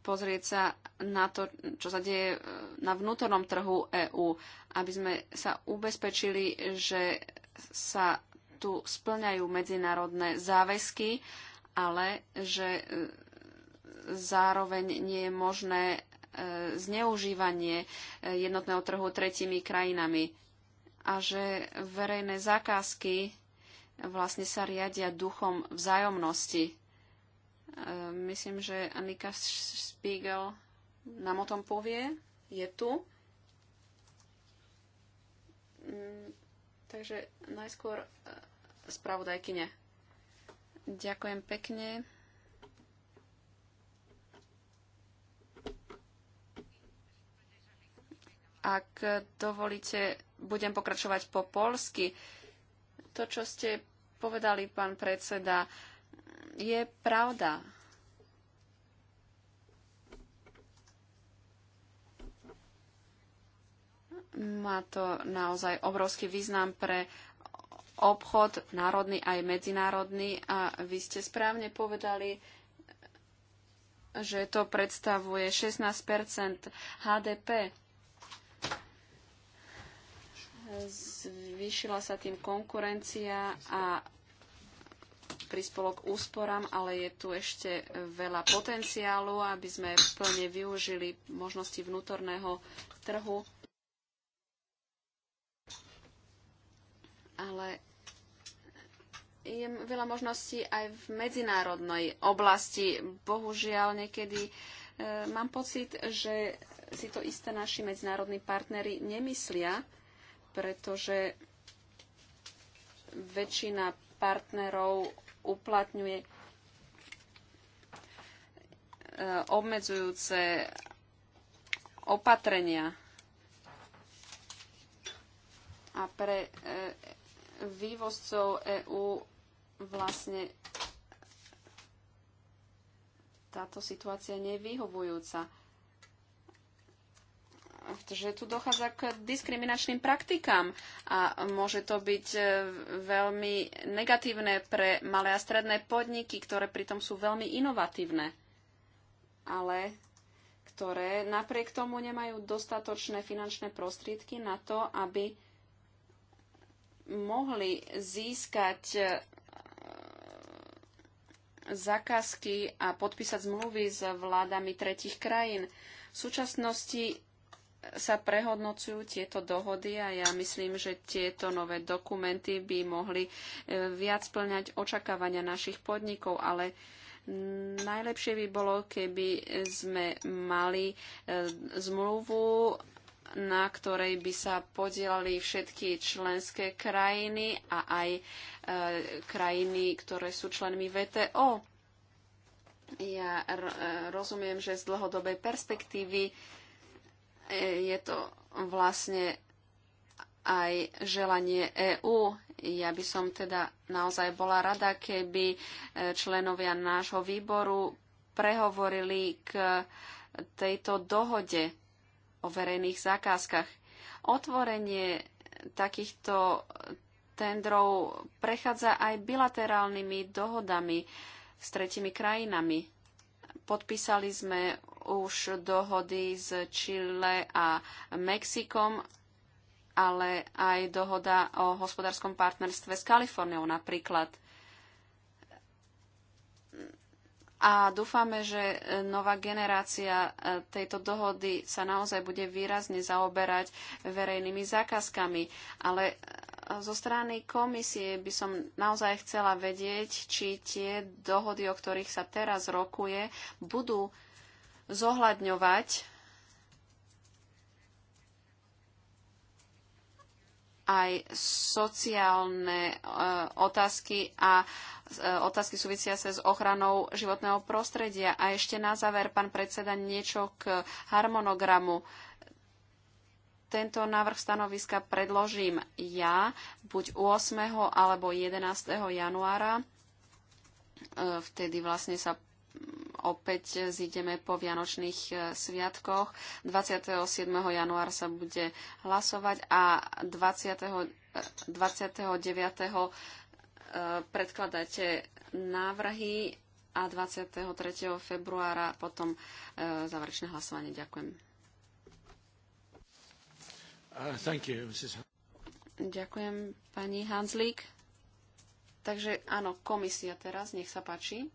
pozrieť sa na to, čo sa deje na vnútornom trhu EÚ, aby sme sa ubezpečili, že sa tu splňajú medzinárodné záväzky, ale že e, zároveň nie je možné e, zneužívanie e, jednotného trhu tretími krajinami a že verejné zákazky vlastne sa riadia duchom vzájomnosti. Myslím, že Anika Spiegel nám o tom povie. Je tu. Mm, takže najskôr spravodajkyne. Ďakujem pekne. Ak dovolíte, budem pokračovať po polsky. To, čo ste povedali, pán predseda, je pravda. Má to naozaj obrovský význam pre obchod, národný aj medzinárodný. A vy ste správne povedali, že to predstavuje 16 HDP. Zvýšila sa tým konkurencia a prispolo k úsporám, ale je tu ešte veľa potenciálu, aby sme plne využili možnosti vnútorného trhu. Ale je veľa možností aj v medzinárodnej oblasti. Bohužiaľ, niekedy e, mám pocit, že si to isté naši medzinárodní partnery nemyslia, pretože väčšina partnerov uplatňuje e, obmedzujúce opatrenia. A pre e, vývozcov EÚ vlastne táto situácia nevyhovujúca. Pretože tu dochádza k diskriminačným praktikám a môže to byť e, veľmi negatívne pre malé a stredné podniky, ktoré pritom sú veľmi inovatívne, ale ktoré napriek tomu nemajú dostatočné finančné prostriedky na to, aby mohli získať e, zakázky a podpísať zmluvy s vládami tretich krajín. V súčasnosti sa prehodnocujú tieto dohody a ja myslím, že tieto nové dokumenty by mohli e, viac splňať očakávania našich podnikov, ale najlepšie by bolo, keby sme mali e, zmluvu na ktorej by sa podielali všetky členské krajiny a aj e, krajiny, ktoré sú členmi VTO. Ja e, rozumiem, že z dlhodobej perspektívy e, je to vlastne aj želanie EÚ. Ja by som teda naozaj bola rada, keby e, členovia nášho výboru prehovorili k tejto dohode o verejných zákazkách. Otvorenie takýchto tendrov prechádza aj bilaterálnymi dohodami s tretimi krajinami. Podpísali sme už dohody s Chile a Mexikom, ale aj dohoda o hospodárskom partnerstve s Kaliforniou napríklad. a dúfame, že e, nová generácia e, tejto dohody sa naozaj bude výrazne zaoberať verejnými zákazkami. Ale e, zo strany komisie by som naozaj chcela vedieť, či tie dohody, o ktorých sa teraz rokuje, budú zohľadňovať aj sociálne e, otázky a e, otázky súvisia sa s ochranou životného prostredia. A ešte na záver, pán predseda, niečo k harmonogramu. Tento návrh stanoviska predložím ja buď 8. alebo 11. januára. E, vtedy vlastne sa opäť zídeme po Vianočných e, sviatkoch. 27. januára sa bude hlasovať a 20. 29. E, e, predkladáte návrhy a 23. februára potom záverečné hlasovanie. Ďakujem. Uh, you, Ďakujem, pani Hanslík. Takže áno, komisia teraz, nech sa páči.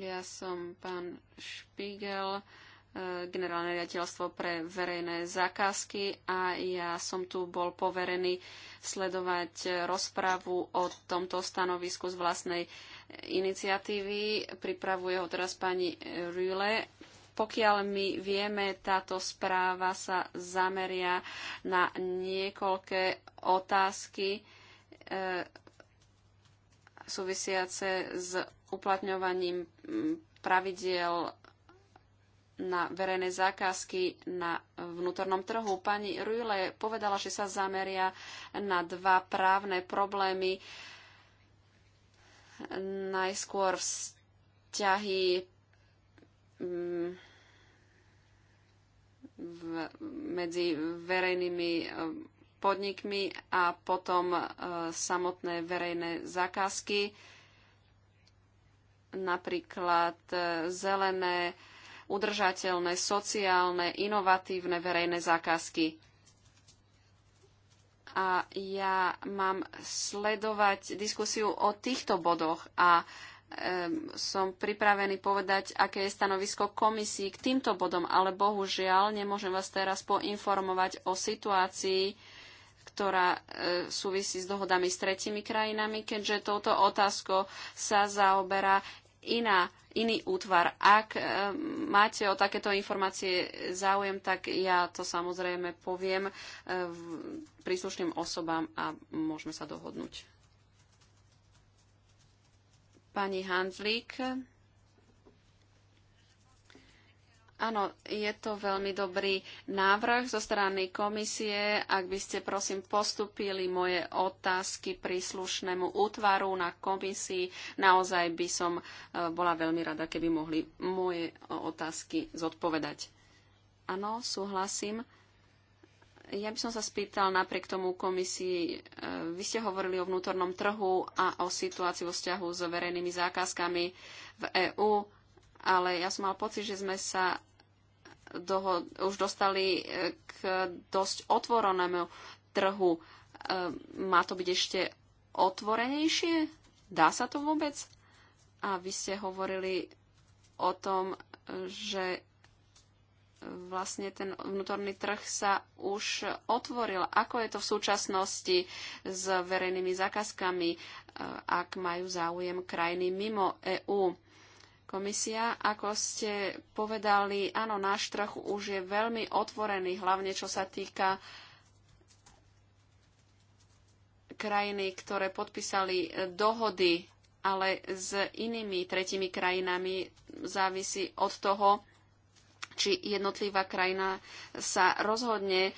Ja som pán Špigel, e, generálne riaditeľstvo pre verejné zákazky a ja som tu bol poverený sledovať rozpravu o tomto stanovisku z vlastnej iniciatívy. Pripravuje ho teraz pani Rüle. Pokiaľ my vieme, táto správa sa zameria na niekoľké otázky e, súvisiace s uplatňovaním mm, pravidiel na verejné zákazky na vnútornom trhu. Pani Rujle povedala, že sa zameria na dva právne problémy. Najskôr vzťahy mm, medzi verejnými e, podnikmi a potom e, samotné verejné zákazky napríklad e, zelené, udržateľné, sociálne, inovatívne verejné zákazky. A ja mám sledovať diskusiu o týchto bodoch a som pripravený povedať, aké je stanovisko komisí k týmto bodom, ale bohužiaľ nemôžem vás teraz poinformovať o situácii, ktorá e, súvisí s dohodami s tretimi krajinami, keďže touto otázkou sa zaoberá iná, iný útvar. Ak eh, máte o takéto informácie záujem, tak ja to samozrejme poviem eh, príslušným osobám a môžeme sa dohodnúť. Pani Hanzlík, Áno, je to veľmi dobrý návrh zo strany komisie. Ak by ste prosím postupili moje otázky príslušnému útvaru na komisii, naozaj by som e, bola veľmi rada, keby mohli moje otázky zodpovedať. Áno, súhlasím. Ja by som sa spýtal napriek tomu komisii, e, vy ste hovorili o vnútornom trhu a o situácii vo vzťahu s verejnými zákazkami v EÚ ale ja som mal pocit, že sme sa doho- už dostali e, k dosť otvorenému trhu. E, má to byť ešte otvorenejšie? Dá sa to vôbec? A vy ste hovorili o tom, že vlastne ten vnútorný trh sa už otvoril. Ako je to v súčasnosti s verejnými zákazkami, e, ak majú záujem krajiny mimo EÚ? Komisia, ako ste povedali, áno, náš trh už je veľmi otvorený, hlavne čo sa týka krajiny, ktoré podpísali dohody, ale s inými tretími krajinami závisí od toho, či jednotlivá krajina sa rozhodne e,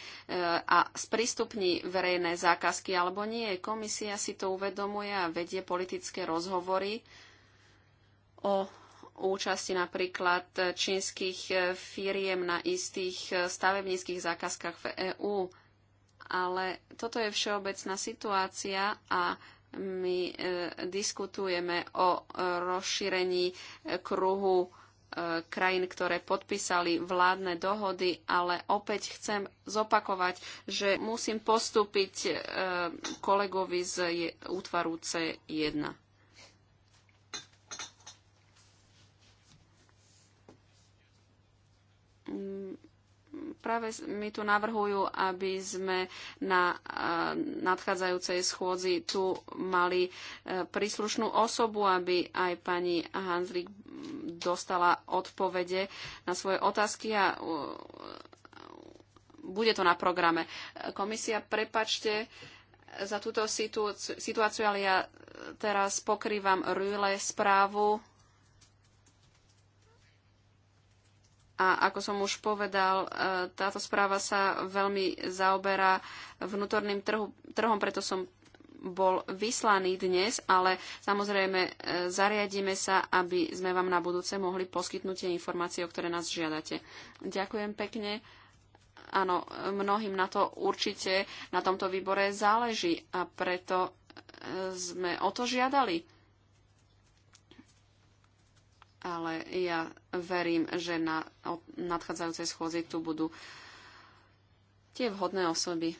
a sprístupní verejné zákazky alebo nie. Komisia si to uvedomuje a vedie politické rozhovory o účasti napríklad čínskych eh, firiem na istých eh, stavebníckých zákazkách v EÚ. Ale toto je všeobecná situácia a my e, diskutujeme o rozšírení kruhu e, krajín, ktoré podpísali vládne dohody, ale opäť chcem zopakovať, že musím postúpiť e, kolegovi z útvaru C1. Mm, práve mi tu navrhujú, aby sme na nadchádzajúcej schôdzi tu mali e, príslušnú osobu, aby aj pani Hanzlik dostala odpovede na svoje otázky a bude to na programe. Komisia, prepačte za túto situáciu, ale ja teraz pokrývam Rüle správu A ako som už povedal, e, táto správa sa veľmi zaoberá vnútorným trhu, trhom, preto som bol vyslaný dnes, ale samozrejme e, zariadíme sa, aby sme vám na budúce mohli poskytnúť tie informácie, o ktoré nás žiadate. Ďakujem pekne. Áno, mnohým na to určite na tomto výbore záleží a preto e, sme o to žiadali ale ja verím, že na nadchádzajúcej schôdzi tu budú tie vhodné osoby.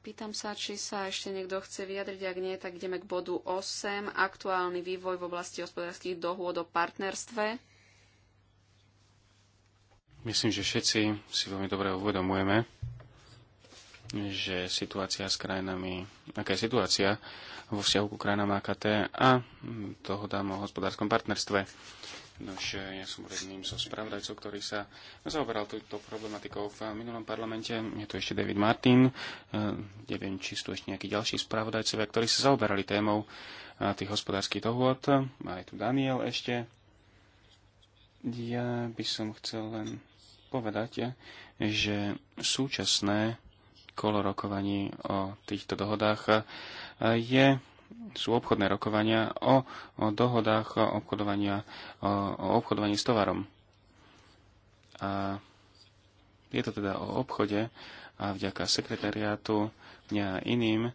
Pýtam sa, či sa ešte niekto chce vyjadriť. Ak nie, tak ideme k bodu 8. Aktuálny vývoj v oblasti hospodárskych dohôd o partnerstve. Myslím, že všetci si veľmi dobre uvedomujeme, že situácia s krajinami, aká je situácia vo vzťahu ku krajinám AKT a dohodám o hospodárskom partnerstve. Nož, ja som jedným zo spravodajcov, ktorý sa zaoberal túto problematikou v minulom parlamente. Je tu ešte David Martin, eh, neviem, či sú ešte nejakí ďalší spravodajcovia, ktorí sa zaoberali témou eh, tých hospodárskych dohôd. A je tu Daniel ešte. Ja by som chcel len povedať, že súčasné kolorokovanie o týchto dohodách eh, je sú obchodné rokovania o, o dohodách o, obchodovania, o, o obchodovaní s tovarom. A je to teda o obchode a vďaka sekretariátu mňa iným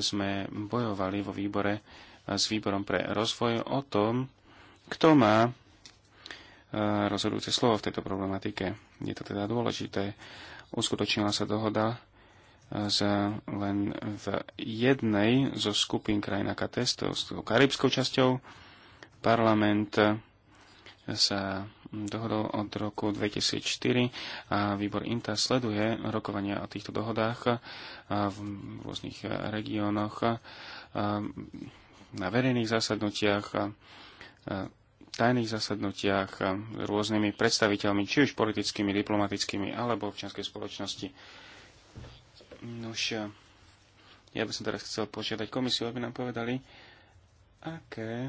sme bojovali vo výbore s výborom pre rozvoj o tom, kto má e, rozhodujúce slovo v tejto problematike. Je to teda dôležité. Uskutočnila sa dohoda z, len v jednej zo skupín krajín AKT, s tou karibskou časťou. Parlament sa dohodol od roku 2004 a výbor INTA sleduje rokovania o týchto dohodách v rôznych regiónoch na verejných zasadnutiach, tajných zasadnutiach rôznymi predstaviteľmi, či už politickými, diplomatickými alebo občianskej spoločnosti Nož, eh, ja by som teraz chcel požiadať komisiu, aby nám povedali, aké, eh,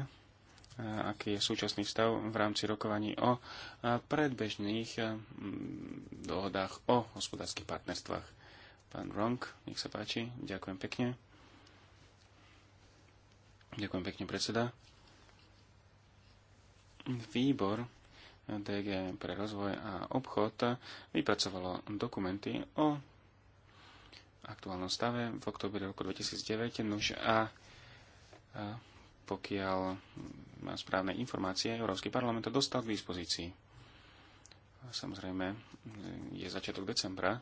aký je súčasný stav v rámci rokovaní o eh, predbežných mm, dohodách o hospodárskych partnerstvách. Pán Ronk, nech sa páči, ďakujem pekne. Ďakujem pekne, predseda. Výbor DG pre rozvoj a obchod vypracovalo dokumenty o aktuálnom stave v oktobri roku 2009. Nuž a, a pokiaľ mám správne informácie, Európsky parlament to dostal k dispozícii. Samozrejme, je začiatok decembra,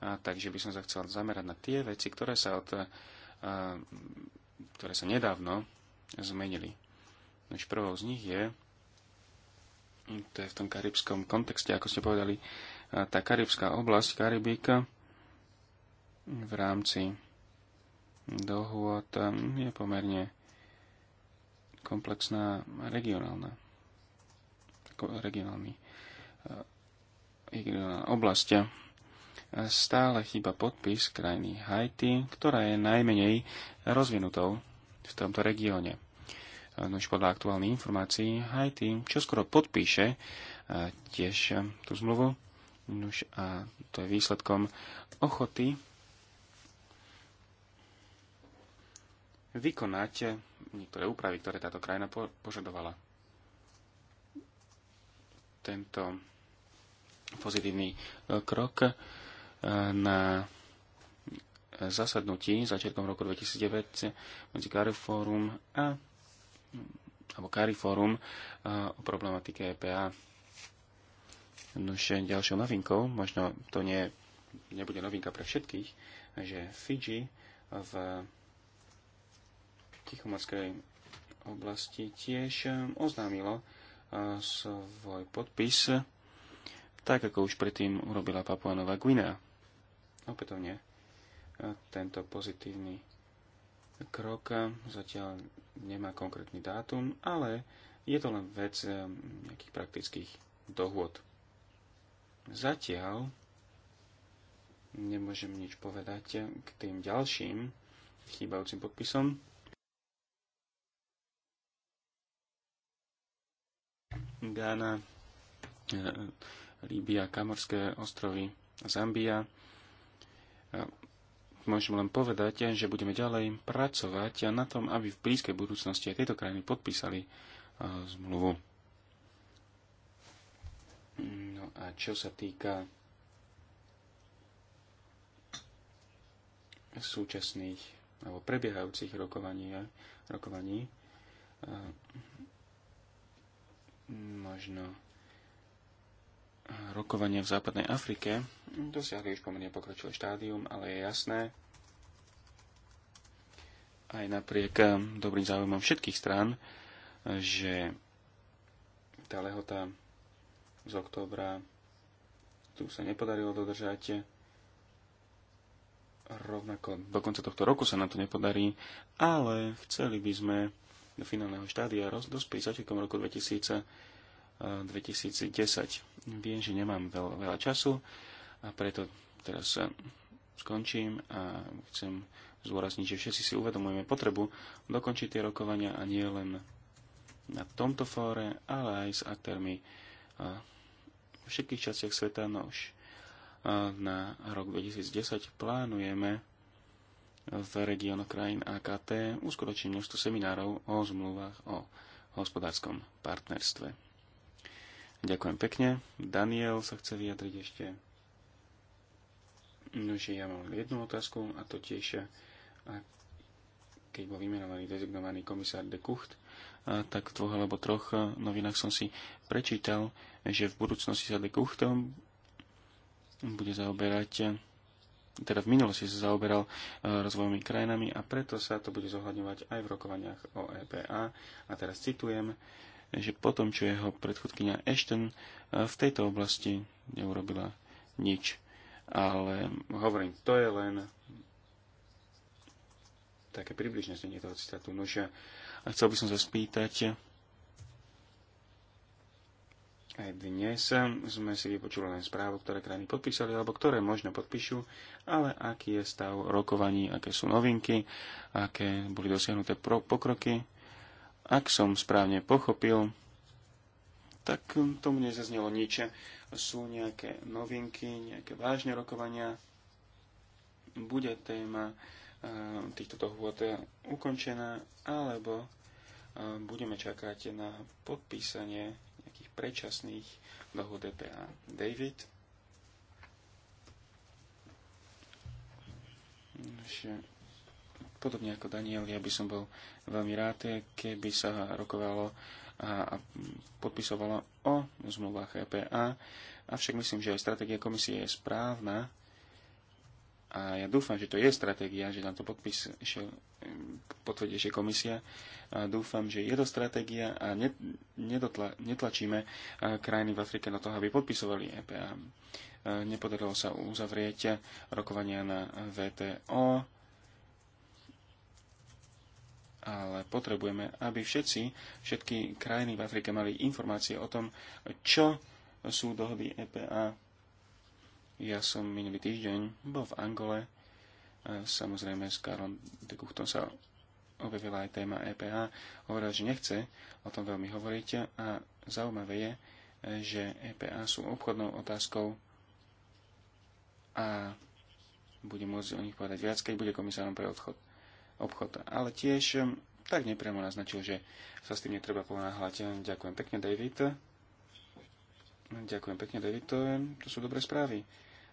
a takže by som sa chcel zamerať na tie veci, ktoré sa, od, a, ktoré sa nedávno zmenili. Nož prvou z nich je, to je v tom karibskom kontexte, ako ste povedali, tá karibská oblasť, Karibika, v rámci dohôd um, je pomerne komplexná regionálna regionálny uh, regionálna oblasť. Stále chýba podpis krajiny Haiti, ktorá je najmenej rozvinutou v tomto regióne. No už podľa aktuálnych informácií Haiti čoskoro podpíše tiež um, tú zmluvu. Nuž a to je výsledkom ochoty vykonať niektoré úpravy, ktoré táto krajina požadovala. Tento pozitívny e, krok e, na zasadnutí začiatkom roku 2009 medzi Cariforum a alebo Cariforum e, o problematike EPA. ešte ďalšou novinkou, možno to nie, nebude novinka pre všetkých, že Fiji v Tichomorskej oblasti tiež um, oznámilo uh, svoj podpis, tak ako už predtým urobila Papua Nová Guinea. Opätovne uh, tento pozitívny krok uh, zatiaľ nemá konkrétny dátum, ale je to len vec um, nejakých praktických dohôd. Zatiaľ nemôžem nič povedať k tým ďalším chýbajúcim podpisom, Gána, e, Líbia, Kamorské ostrovy, Zambia. Môžem len povedať, že budeme ďalej pracovať na tom, aby v blízkej budúcnosti aj tieto krajiny podpísali e, zmluvu. No a čo sa týka súčasných alebo prebiehajúcich rokovaní, rokovaní e, možno rokovania v západnej Afrike dosiahli už pomerne pokročilé štádium, ale je jasné, aj napriek eh, dobrým záujmom všetkých strán, že tá lehota z októbra tu sa nepodarilo dodržať. Rovnako do konca tohto roku sa nám to nepodarí, ale chceli by sme do finálneho štádia dospieť začiatkom roku 2000, 2010. Eh, Viem, že nemám veľa, veľa času a preto teraz eh, skončím a chcem zúrazniť, že všetci si uvedomujeme potrebu dokončiť tie rokovania a nie len na tomto fóre, ale aj s aktérmi eh, v všetkých častiach sveta. No už na rok 2010 plánujeme v regiónu krajín AKT uskutoční množstvo seminárov o zmluvách o hospodárskom partnerstve. Ďakujem pekne. Daniel sa chce vyjadriť ešte. No, že ja mám jednu otázku a to tiež, keď bol vymenovaný dezignovaný komisár de Kucht, a tak v dvoch alebo troch e, novinách som si prečítal, že v budúcnosti sa de Kuchtom bude zaoberať e, teda v minulosti sa zaoberal e, rozvojovými krajinami a preto sa to bude zohľadňovať aj v rokovaniach o EPA. A teraz citujem, že potom, čo jeho predchodkynia Ashton e, v tejto oblasti neurobila nič. Ale hovorím, to je len také približne znenie toho citátu. Nože, a chcel by som sa spýtať, aj dnes sme si vypočuli len správu, ktoré krajiny podpísali, alebo ktoré možno podpíšu, ale aký je stav rokovaní, aké sú novinky, aké boli dosiahnuté pokroky. Ak som správne pochopil, tak tomu nezaznelo nič. Sú nejaké novinky, nejaké vážne rokovania. Bude téma e, týchto dohôd ukončená, alebo e, budeme čakať na podpísanie predčasných dohod DPA. E David. Podobne ako Daniel, ja by som bol veľmi rád, keby sa rokovalo a, podpisovalo o zmluvách EPA. Avšak myslím, že aj stratégia komisie je správna a ja dúfam, že to je stratégia, že na to podpis potvrdí ešte komisia. dúfam, že je to stratégia a nedotla, netlačíme krajiny v Afrike na to, aby podpisovali EPA. Nepodarilo sa uzavrieť rokovania na VTO, ale potrebujeme, aby všetci, všetky krajiny v Afrike mali informácie o tom, čo sú dohody EPA. Ja som minulý týždeň bol v Angole, Samozrejme, s Karlom de Guchtom sa objavila aj téma EPA. Hovoril, že nechce o tom veľmi hovoriť a zaujímavé je, že EPA sú obchodnou otázkou a bude môcť o nich povedať viac, keď bude komisárom pre odchod, obchod. Ale tiež um, tak nepriamo naznačil, že sa s tým netreba ponáhľať. Ďakujem pekne, David. Ďakujem pekne, David. To, je, um, to sú dobré správy.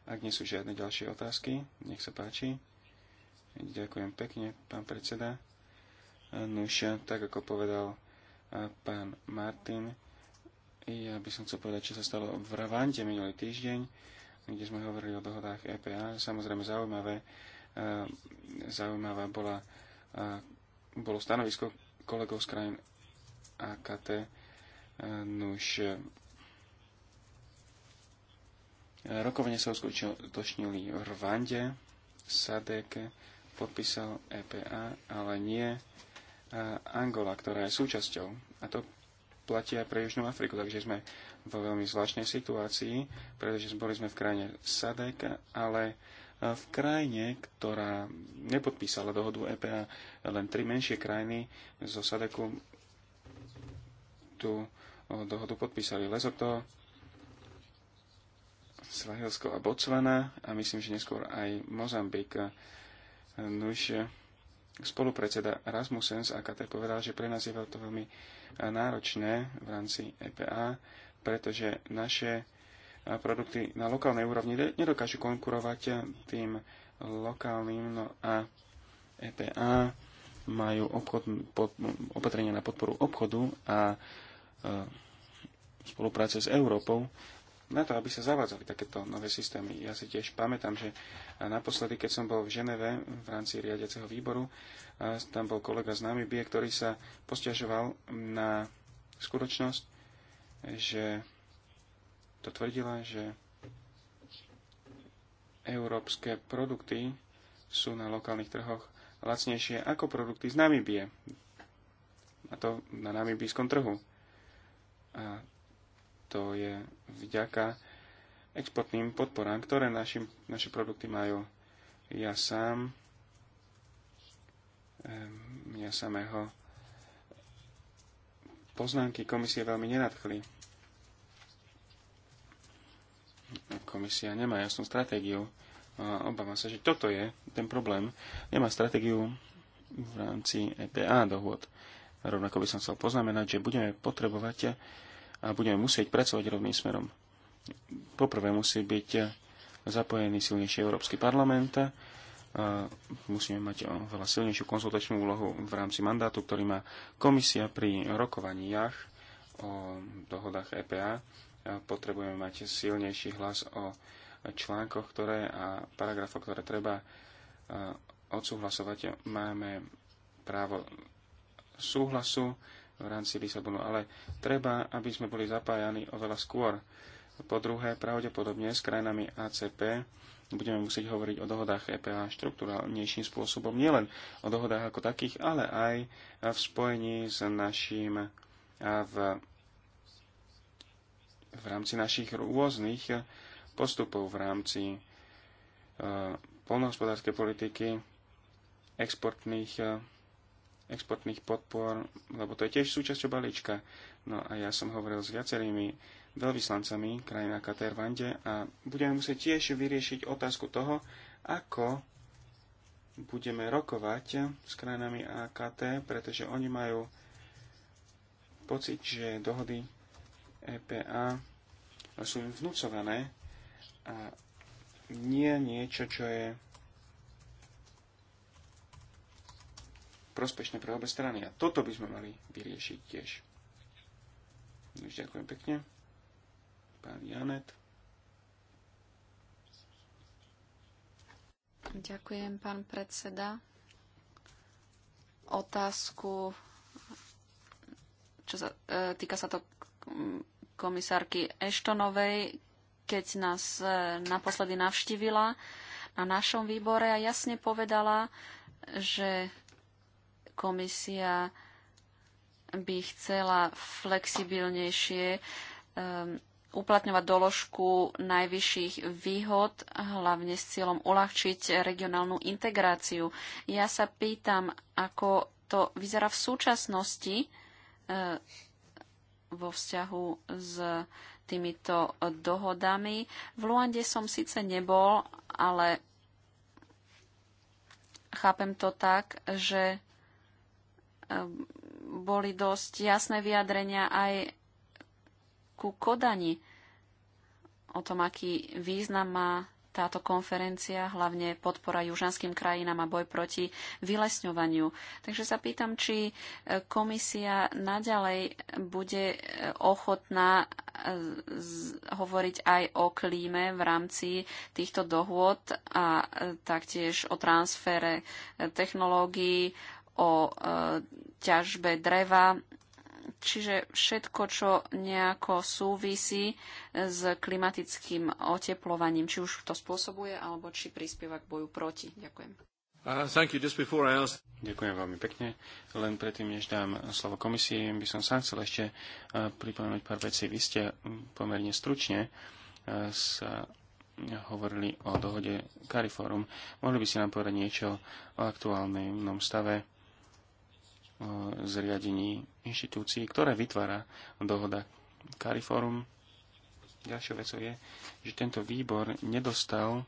Ak nie sú žiadne ďalšie otázky, nech sa páči. Ďakujem pekne, pán predseda. E, nuša, e, tak ako povedal e, pán Martin, ja by som chcel povedať, čo sa stalo v Ravante minulý týždeň, kde sme hovorili o dohodách EPA. Samozrejme zaujímavé, zaujímavá bola, bolo stanovisko kolegov z krajín AKT. Nuž, rokovania sa uskutočnili v Rwande, Sadeke, podpísal EPA, ale nie e, Angola, ktorá je súčasťou. A to platí aj pre Južnú Afriku, takže sme vo veľmi zvláštnej situácii, pretože boli sme v krajine SADEK, ale e, v krajine, ktorá nepodpísala dohodu EPA, len tri menšie krajiny zo SADEKu tú dohodu podpísali. Lesoto, Svahilsko a Botswana a myslím, že neskôr aj Mozambik. Nuž, spolupredseda Rasmusens a AKT povedal, že pre nás je to veľmi náročné v rámci EPA, pretože naše produkty na lokálnej úrovni nedokážu konkurovať tým lokálnym no a EPA majú obchod, pod, opatrenia na podporu obchodu a e, spolupráce s Európou na to, aby sa zavádzali takéto nové systémy. Ja si tiež pamätám, že naposledy, keď som bol v Ženeve v rámci riadiaceho výboru, eh, tam bol kolega z Namibie, ktorý sa postiažoval na skutočnosť, že to tvrdila, že európske produkty sú na lokálnych trhoch lacnejšie ako produkty z Namibie. A to na namibijskom trhu. A to je vďaka exportným podporám, ktoré naši, naše produkty majú. Ja sám, mňa samého poznámky komisie veľmi nenadchli. Komisia nemá jasnú stratégiu. Obávam sa, že toto je ten problém. Nemá stratégiu v rámci EPA dohod. Rovnako by som chcel poznamenať, že budeme potrebovať a budeme musieť pracovať rovným smerom. Poprvé musí byť zapojený silnejší Európsky parlament, musíme mať veľa silnejšiu konzultačnú úlohu v rámci mandátu, ktorý má komisia pri rokovaniach o dohodách EPA. Potrebujeme mať silnejší hlas o článkoch ktoré a paragrafoch, ktoré treba odsúhlasovať. Máme právo súhlasu, v rámci Lisabonu, ale treba, aby sme boli zapájani oveľa skôr. Po druhé, pravdepodobne s krajinami ACP budeme musieť hovoriť o dohodách EPA štruktúralnejším spôsobom, nielen o dohodách ako takých, ale aj v spojení s našim v, v rámci našich rôznych postupov v rámci e, polnohospodárskej politiky, exportných e, exportných podpor, lebo to je tiež súčasťou balíčka. No a ja som hovoril s viacerými veľvyslancami krajina Katar v Ande a budeme musieť tiež vyriešiť otázku toho, ako budeme rokovať s krajinami AKT, pretože oni majú pocit, že dohody EPA sú im vnúcované a nie niečo, čo je prospešné pre obe strany. A toto by sme mali vyriešiť tiež. Už ďakujem pekne. Pán Janet. Ďakujem, pán predseda. Otázku, čo sa, e, týka sa to komisárky Eštonovej, keď nás e, naposledy navštívila na našom výbore a jasne povedala, že komisia by chcela flexibilnejšie um, uplatňovať doložku najvyšších výhod, hlavne s cieľom uľahčiť regionálnu integráciu. Ja sa pýtam, ako to vyzerá v súčasnosti uh, vo vzťahu s týmito dohodami. V Luande som síce nebol, ale chápem to tak, že boli dosť jasné vyjadrenia aj ku Kodani o tom, aký význam má táto konferencia, hlavne podpora južanským krajinám a boj proti vylesňovaniu. Takže sa pýtam, či e, komisia naďalej bude e, ochotná e, hovoriť aj o klíme v rámci týchto dohôd a taktiež o transfere technológií, o e, ťažbe dreva. Čiže všetko, čo nejako súvisí s klimatickým oteplovaním, či už to spôsobuje, alebo či prispieva k boju proti. Ďakujem. Uh, ask... Ďakujem veľmi pekne. Len predtým, než dám slovo komisii, by som sám chcel ešte uh, pripomenúť pár vecí. Vy ste um, pomerne stručne uh, sa hovorili o dohode Cariforum. Mohli by si nám povedať niečo o aktuálnom stave zriadení inštitúcií, ktoré vytvára dohoda Cariforum. Ďalšou vecou je, že tento výbor nedostal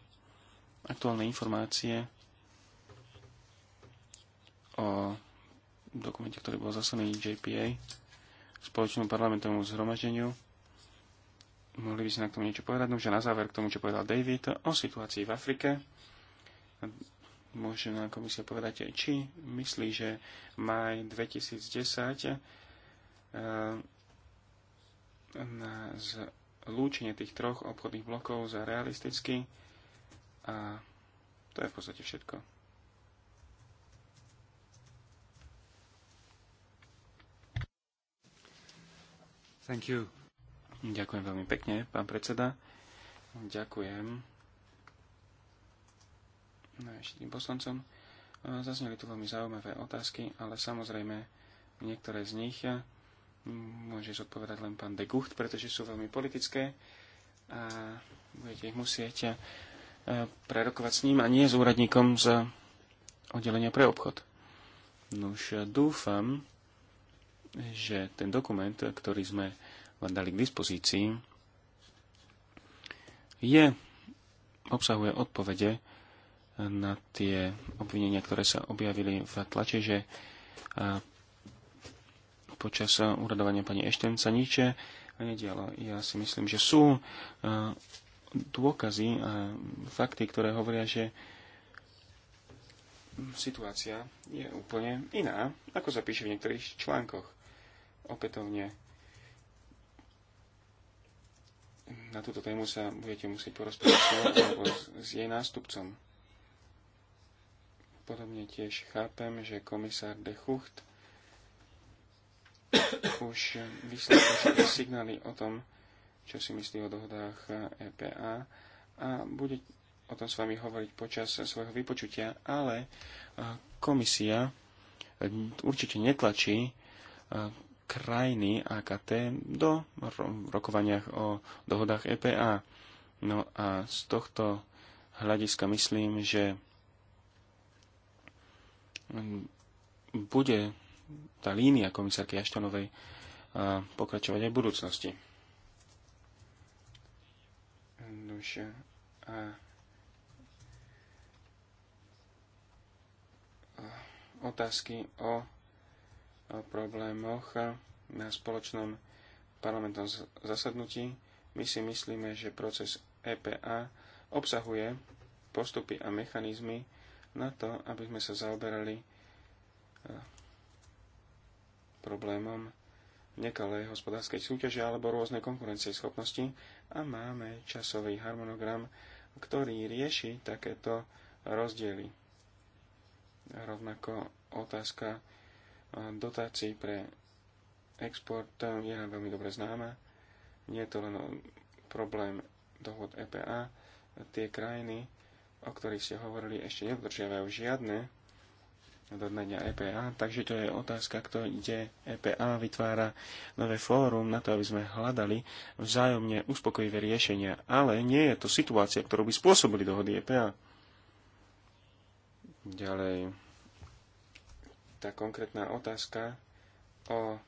aktuálne informácie o dokumente, ktorý bol zaslaný JPA spoločnému parlamentovému zhromaždeniu. Mohli by sme na tom niečo povedať? No, že na záver k tomu, čo povedal David o situácii v Afrike môže nám komisia povedať, či myslí, že maj 2010 eh, na zlúčenie tých troch obchodných blokov za realisticky a to je v podstate všetko. Thank you. Ďakujem veľmi pekne, pán predseda. Ďakujem No tým poslancom. E, zazneli tu veľmi zaujímavé otázky, ale samozrejme niektoré z nich e, môže zodpovedať len pán de Gucht, pretože sú veľmi politické a budete ich musieť e, prerokovať s ním a nie s úradníkom z oddelenia pre obchod. Nuž dúfam, že ten dokument, ktorý sme vám dali k dispozícii, je, obsahuje odpovede na tie obvinenia, ktoré sa objavili v tlače, že počas uradovania pani Ešten sa nič e, nedialo. Ja si myslím, že sú e, dôkazy a fakty, ktoré hovoria, že situácia je úplne iná, ako sa píše v niektorých článkoch. Opätovne na túto tému sa budete musieť porozprávať s, s jej nástupcom. Podobne tiež chápem, že komisár de Hucht už vyslal signály o tom, čo si myslí o dohodách EPA a bude o tom s vami hovoriť počas svojho vypočutia, ale eh, komisia eh, určite netlačí eh, krajiny AKT do rokovaniach o dohodách EPA. No a z tohto hľadiska myslím, že bude tá línia komisárky Aštonovej pokračovať aj v budúcnosti. a otázky o, o problémoch na spoločnom parlamentnom zasadnutí. My si myslíme, že proces EPA obsahuje postupy a mechanizmy, na to, aby sme sa zaoberali e, problémom nekalej hospodárskej súťaže alebo rôznej konkurencie schopnosti a máme časový harmonogram, ktorý rieši takéto rozdiely. Rovnako otázka e, dotácií pre export je nám veľmi dobre známa. Nie je to len problém dohod EPA. Tie krajiny, o ktorých ste hovorili, ešte nedodržiavajú žiadne dodania EPA, takže to je otázka, ide. EPA vytvára nové fórum na to, aby sme hľadali vzájomne uspokojivé riešenia. Ale nie je to situácia, ktorú by spôsobili dohody EPA. Ďalej, tá konkrétna otázka o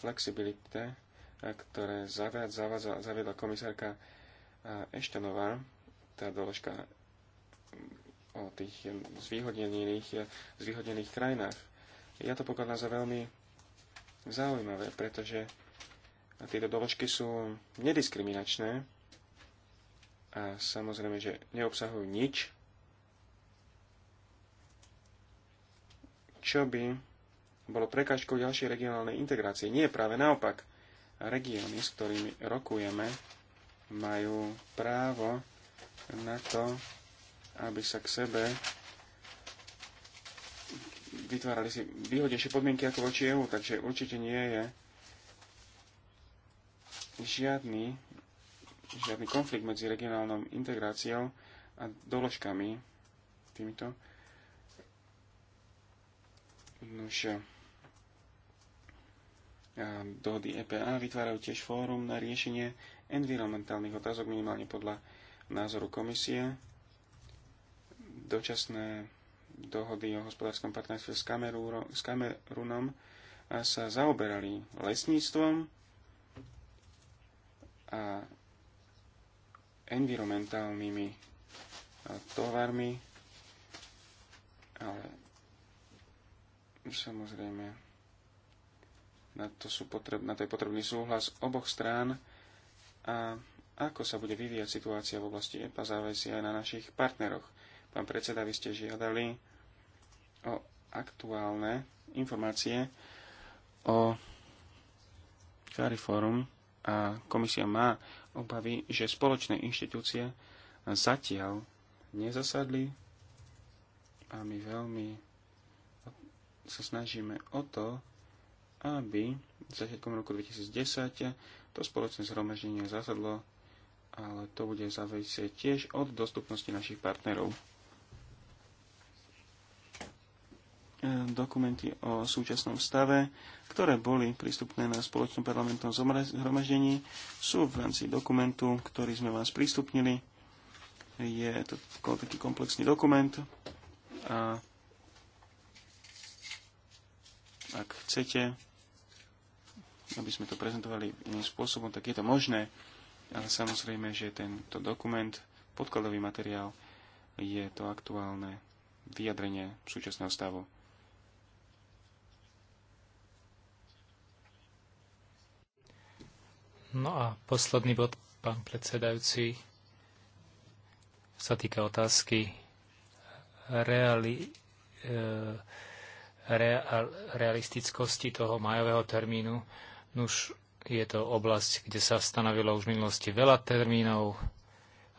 flexibilite, ktoré zaviedla komisárka Eštenová, tá doložka o tých zvýhodnených, zvýhodnených krajinách. Ja to pokladám za veľmi zaujímavé, pretože tieto doložky sú nediskriminačné a samozrejme, že neobsahujú nič, čo by bolo prekážkou ďalšej regionálnej integrácie. Nie, práve naopak. Regióny, s ktorými rokujeme, majú právo na to, aby sa k sebe vytvárali si výhodnejšie podmienky ako voči EU, takže určite nie je žiadny, žiadny konflikt medzi regionálnou integráciou a doložkami týmito. Nož, dohody EPA vytvárajú tiež fórum na riešenie environmentálnych otázok minimálne podľa názoru komisie. Dočasné dohody o hospodárskom partnerstve s, Kamerúro, s Kamerunom sa zaoberali lesníctvom a environmentálnymi tovarmi, ale samozrejme na, to sú potreb, na to je potrebný súhlas oboch strán a ako sa bude vyvíjať situácia v oblasti EPA, závisí aj na našich partneroch. Pán predseda, vy ste žiadali o aktuálne informácie o Cariforum a komisia má obavy, že spoločné inštitúcie zatiaľ nezasadli a my veľmi sa snažíme o to, aby začiatkom roku 2010 to spoločné zhromaždenie zasadlo ale to bude závisieť tiež od dostupnosti našich partnerov. E, dokumenty o súčasnom stave, ktoré boli prístupné na spoločnom parlamentnom zhromaždení, sú v rámci dokumentu, ktorý sme vám sprístupnili. Je to taký komplexný dokument a ak chcete, aby sme to prezentovali iným spôsobom, tak je to možné ale samozrejme, že tento dokument, podkladový materiál, je to aktuálne vyjadrenie súčasného stavu. No a posledný bod, pán predsedajúci, sa týka otázky reali, e, real, realistickosti toho majového termínu. Nuž je to oblasť, kde sa stanovilo už v minulosti veľa termínov,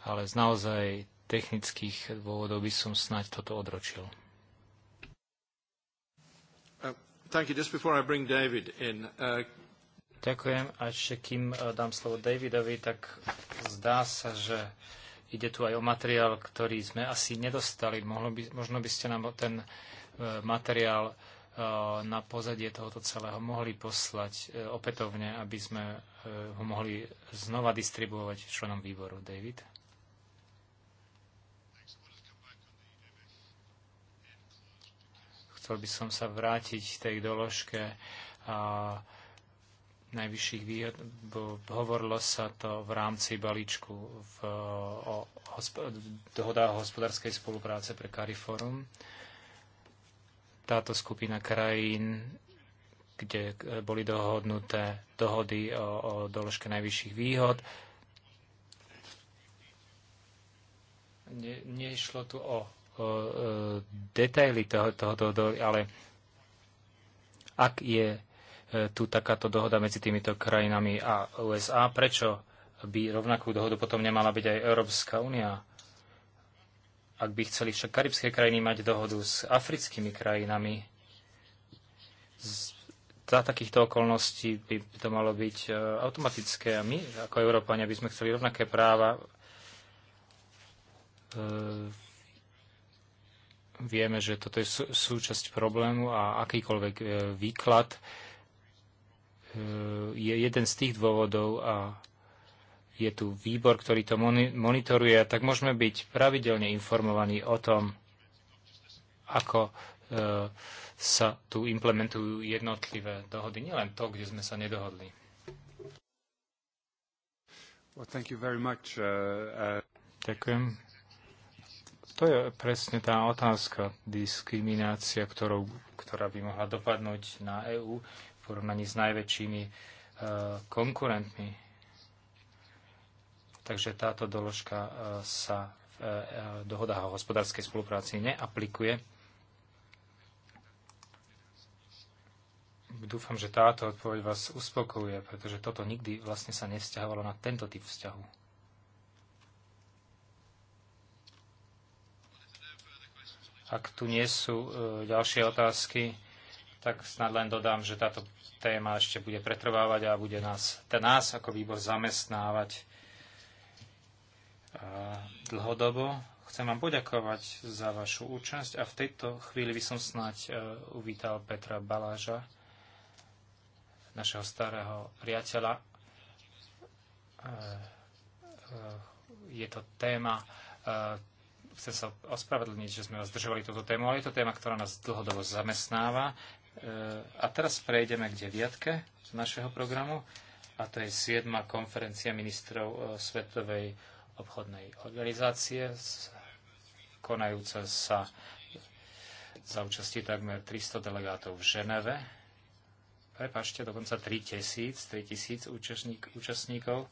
ale z naozaj technických dôvodov by som snáď toto odročil. Uh, uh, Ďakujem. A ešte kým uh, dám slovo Davidovi, tak zdá sa, že ide tu aj o materiál, ktorý sme asi nedostali. Mohlo by, možno by ste nám ten materiál Eh, na pozadie tohoto celého mohli poslať eh, opätovne, aby sme eh, ho mohli znova distribuovať členom výboru. David? Chcel by som sa vrátiť k tej doložke a najvyšších výhod. Hovorilo sa to v rámci balíčku v, o, o dohodách o hospodárskej spolupráce pre Cariforum. Forum táto skupina krajín, kde boli dohodnuté dohody o, o doložke najvyšších výhod. Ne, nešlo tu o, o, o e, detaily toho, tohoto dohody, ale ak je e, tu takáto dohoda medzi týmito krajinami a USA, prečo by rovnakú dohodu potom nemala byť aj Európska únia? Ak by chceli však karibské krajiny mať dohodu s africkými krajinami, za takýchto okolností by to malo byť e, automatické a my ako Európania by sme chceli rovnaké práva. E, vieme, že toto je súčasť problému a akýkoľvek e, výklad je jeden z tých dôvodov a je tu výbor, ktorý to monitoruje, tak môžeme byť pravidelne informovaní o tom, ako e, sa tu implementujú jednotlivé dohody, nielen to, kde sme sa nedohodli. Uh, uh, Ďakujem. To je presne tá otázka, diskriminácia, ktorá by mohla dopadnúť na EÚ v porovnaní s najväčšími e, konkurentmi Takže táto doložka e, sa v e, e, dohodách o hospodárskej spolupráci neaplikuje. Dúfam, že táto odpoveď vás uspokojuje, pretože toto nikdy vlastne sa nevzťahovalo na tento typ vzťahu. Ak tu nie sú ďalšie otázky, tak snad len dodám, že táto téma ešte bude pretrvávať a bude nás, nás ako výbor zamestnávať dlhodobo. Chcem vám poďakovať za vašu účasť a v tejto chvíli by som snáď e, uvítal Petra Baláža, našeho starého priateľa. E, e, je to téma, chcem sa ospravedlniť, že sme vás zdržovali túto tému, ale je to téma, ktorá nás dlhodobo zamestnáva. A teraz prejdeme k deviatke z našeho programu, a to je 7. konferencia ministrov Svetovej obchodnej organizácie, konajúce sa za účasti takmer 300 delegátov v Ženeve. Prepašte, dokonca 3000, tisíc účastník, účastníkov,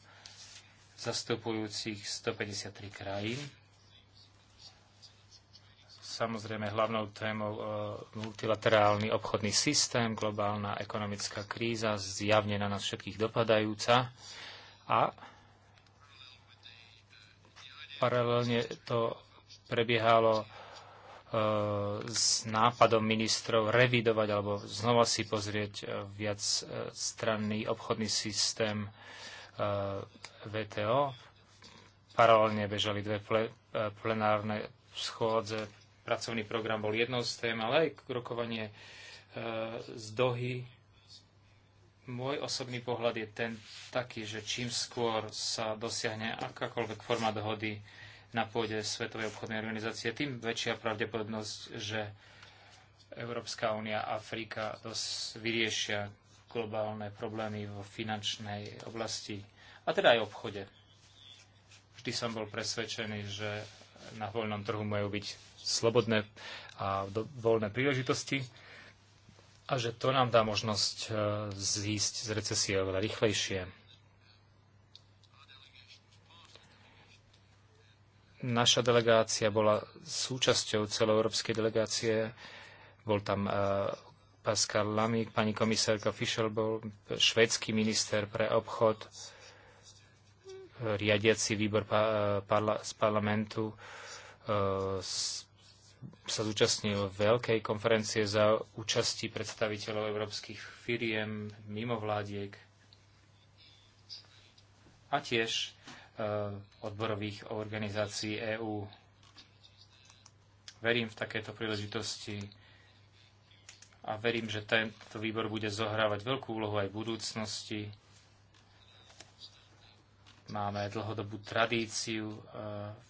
zastupujúcich 153 krajín. Samozrejme, hlavnou témou e, multilaterálny obchodný systém, globálna ekonomická kríza, zjavne na nás všetkých dopadajúca. A Paralelne to prebiehalo e, s nápadom ministrov revidovať alebo znova si pozrieť e, viac e, stranný obchodný systém VTO. Paralelne bežali dve plenárne schôdze. Pracovný program bol jednou z tém, ale aj rokovanie z Dohy môj osobný pohľad je ten taký, že čím skôr sa dosiahne akákoľvek forma dohody na pôde Svetovej obchodnej organizácie, tým väčšia pravdepodobnosť, že Európska únia a Afrika dos- vyriešia globálne problémy vo finančnej oblasti a teda aj v obchode. Vždy som bol presvedčený, že na voľnom trhu majú byť slobodné a voľné príležitosti a že to nám dá možnosť e, zísť z recesie oveľa rýchlejšie. Naša delegácia bola súčasťou celoeurópskej delegácie. Bol tam e, Pascal Lamy, pani komisárka Fischel bol švedský minister pre obchod, riadiaci výbor pa, e, parla, z parlamentu, z sa zúčastnil veľkej konferencie za účasti predstaviteľov európskych firiem, mimovládiek a tiež eh, odborových organizácií EÚ. Verím v takéto príležitosti a verím, že tento výbor bude zohrávať veľkú úlohu aj v budúcnosti. Máme dlhodobú tradíciu v eh,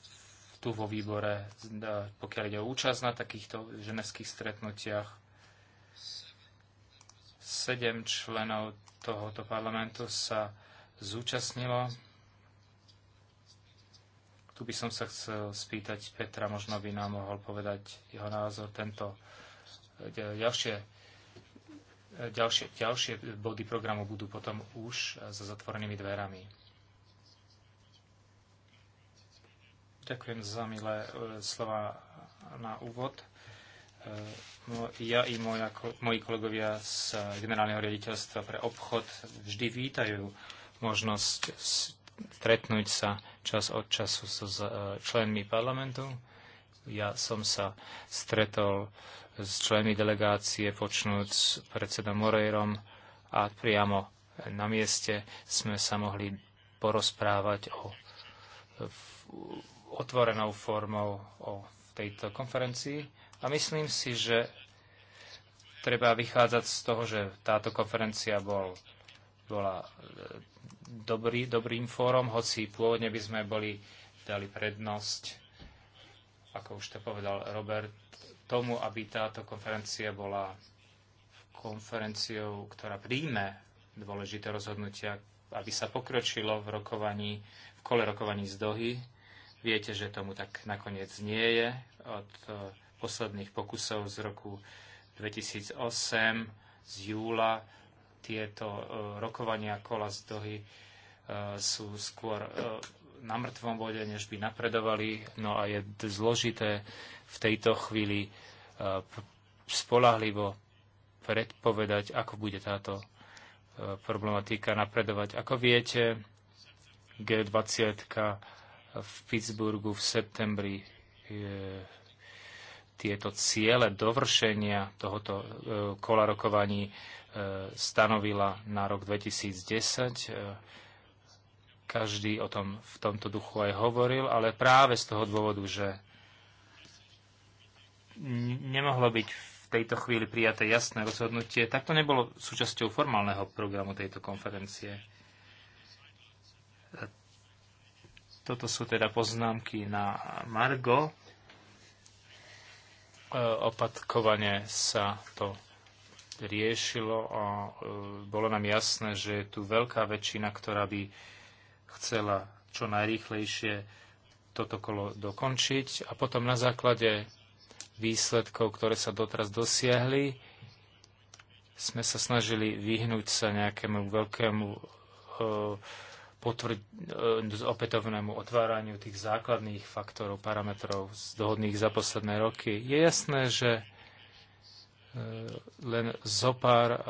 tu vo výbore, e, pokiaľ ide o účasť na takýchto ženevských stretnutiach. Sedem členov tohoto parlamentu sa zúčastnilo. Tu by som sa chcel spýtať Petra, možno by nám mohol povedať jeho názor. Tento e, ďalšie, e, ďalšie, ďalšie body programu budú potom už za zatvorenými dverami. Ďakujem za milé e, slova na úvod. E, ja i moja, moji kolegovia z Generálneho riaditeľstva pre obchod vždy vítajú možnosť stretnúť sa čas od času s e, členmi parlamentu. Ja som sa stretol s členmi delegácie, počnúť s predsedom Moreirom a priamo na mieste sme sa mohli porozprávať o otvorenou formou o tejto konferencii. A myslím si, že treba vychádzať z toho, že táto konferencia bol, bola e, dobrý, dobrým fórom, hoci pôvodne by sme boli dali prednosť, ako už to povedal Robert, tomu, aby táto konferencia bola konferenciou, ktorá príjme dôležité rozhodnutia, aby sa pokročilo v rokovaní, v kole rokovaní z Dohy, Viete, že tomu tak nakoniec nie je. Od e, posledných pokusov z roku 2008 z júla tieto e, rokovania kola z Dohy e, sú skôr na mŕtvom bode, než by napredovali. No a je zložité v tejto chvíli spolahlivo predpovedať, ako bude táto problematika napredovať. Ako viete, G20 v Pittsburghu v septembri e, tieto ciele dovršenia tohoto e, kola rokovaní e, stanovila na rok 2010. Každý o tom v tomto duchu aj hovoril, ale práve z toho dôvodu, že nemohlo byť v tejto chvíli prijaté jasné rozhodnutie, tak to nebolo súčasťou formálneho programu tejto konferencie Toto sú teda poznámky na Margo. E, Opatkovane sa to riešilo a e, bolo nám jasné, že je tu veľká väčšina, ktorá by chcela čo najrýchlejšie toto kolo dokončiť a potom na základe výsledkov, ktoré sa doteraz dosiahli, sme sa snažili vyhnúť sa nejakému veľkému e, potvrd, e, opätovnému otváraniu tých základných faktorov, parametrov z dohodných za posledné roky. Je jasné, že e, len zo pár e,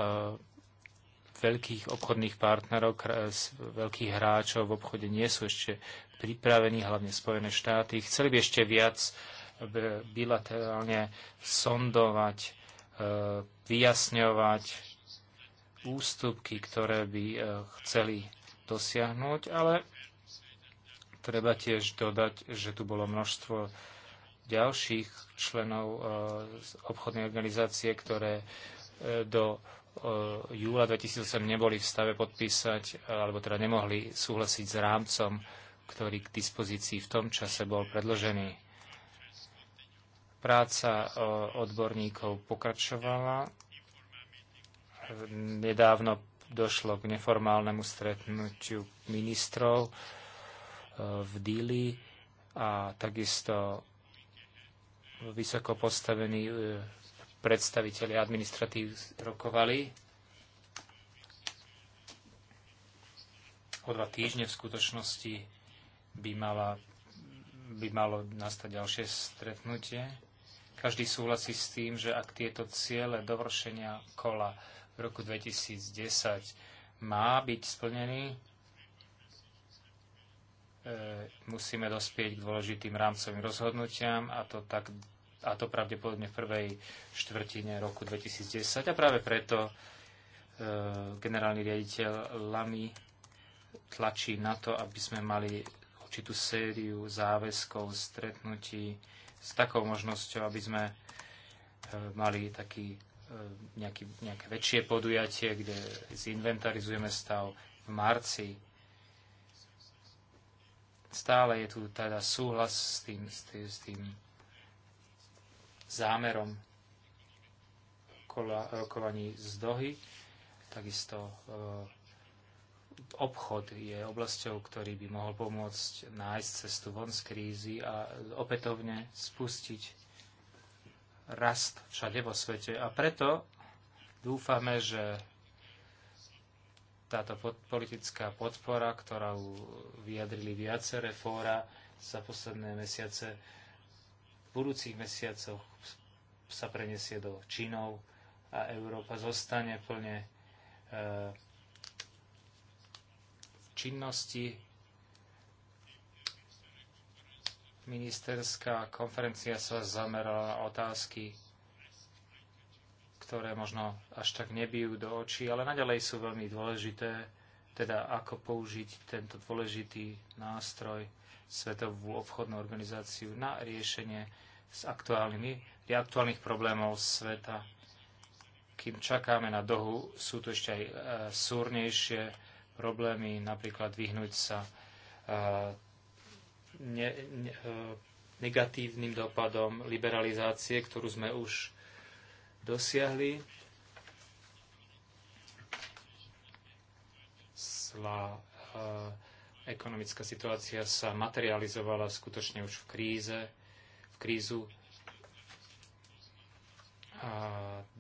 veľkých obchodných partnerov, veľkých hráčov v obchode nie sú ešte pripravení, hlavne Spojené štáty. Chceli by ešte viac bilaterálne sondovať, vyjasňovať ústupky, ktoré by chceli dosiahnuť, ale treba tiež dodať, že tu bolo množstvo ďalších členov e, obchodnej organizácie, ktoré e, do e, júla 2008 neboli v stave podpísať, alebo teda nemohli súhlasiť s rámcom, ktorý k dispozícii v tom čase bol predložený. Práca odborníkov pokračovala. Nedávno došlo k neformálnemu stretnutiu ministrov eh, v Díli a takisto vysoko postavení eh, predstaviteľi administratív rokovali o dva týždne v skutočnosti by, mala, by malo nastať ďalšie stretnutie. Každý súhlasí s tým, že ak tieto ciele dovršenia kola v roku 2010 má byť splnený. E, musíme dospieť k dôležitým rámcovým rozhodnutiam a to, tak, a to pravdepodobne v prvej štvrtine roku 2010. A práve preto e, generálny riaditeľ Lamy tlačí na to, aby sme mali určitú sériu záväzkov, stretnutí s takou možnosťou, aby sme e, mali taký E, nejaký, nejaké väčšie podujatie, kde zinventarizujeme stav v marci. Stále je tu teda súhlas s tým, s tým, s tým zámerom kola, rokovaní z Dohy. Takisto e, obchod je oblasťou, ktorý by mohol pomôcť nájsť cestu von z krízy a opätovne spustiť rast všade vo svete. A preto dúfame, že táto pod, politická podpora, ktorú vyjadrili viaceré fóra za posledné mesiace, v budúcich mesiacoch sa preniesie do Čínov a Európa zostane plne e, činnosti Ministerská konferencia sa zamerala na otázky, ktoré možno až tak nebijú do očí, ale naďalej sú veľmi dôležité, teda ako použiť tento dôležitý nástroj Svetovú obchodnú organizáciu na riešenie s aktuálnymi, aktuálnych problémov sveta. Kým čakáme na dohu, sú tu ešte aj e, súrnejšie problémy, napríklad vyhnúť sa e, ne, ne, e, negatívnym dopadom liberalizácie, ktorú sme už dosiahli. Slá, e, ekonomická situácia sa materializovala skutočne už v kríze, v krízu a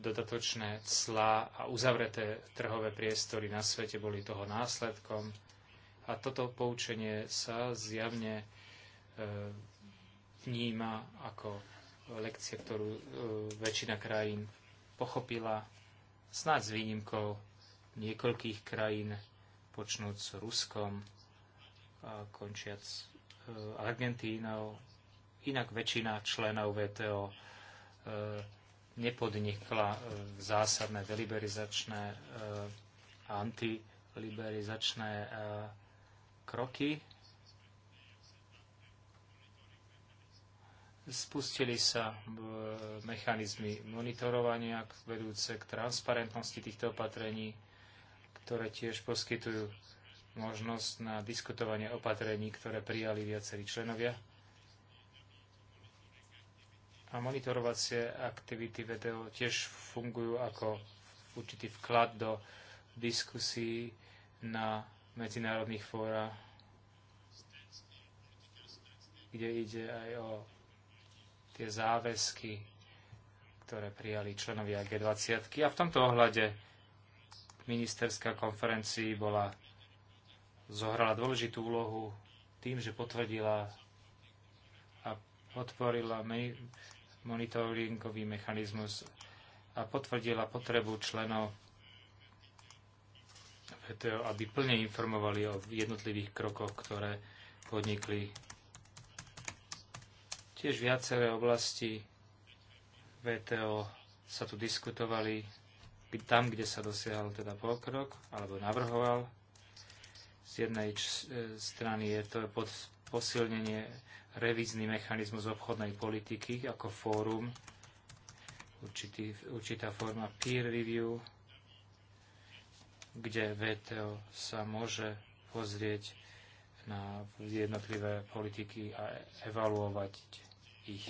dodatočné clá a uzavreté trhové priestory na svete boli toho následkom. A toto poučenie sa zjavne Eh, vníma ako lekcie, ktorú eh, väčšina krajín pochopila, snáď s výnimkou niekoľkých krajín, počnúť s Ruskom, a končiac eh, Argentínou. Inak väčšina členov VTO nepodnikla zásadné deliberizačné a antiliberizačné kroky Spustili sa e, mechanizmy monitorovania vedúce k transparentnosti týchto opatrení, ktoré tiež poskytujú možnosť na diskutovanie opatrení, ktoré prijali viacerí členovia. A monitorovacie aktivity VDO tiež fungujú ako určitý vklad do diskusí na medzinárodných fórach, kde ide aj o tie záväzky, ktoré prijali členovia G20. A v tomto ohľade ministerská konferencii bola, zohrala dôležitú úlohu tým, že potvrdila a podporila monitoringový mechanizmus a potvrdila potrebu členov VTO, aby plne informovali o jednotlivých krokoch, ktoré podnikli Tiež viaceré oblasti VTO sa tu diskutovali tam, kde sa dosiahal teda pokrok alebo navrhoval. Z jednej e, strany je to pod posilnenie revízny mechanizmus obchodnej politiky ako fórum, určitý, určitá forma peer review, kde VTO sa môže pozrieť na jednotlivé politiky a evaluovať ich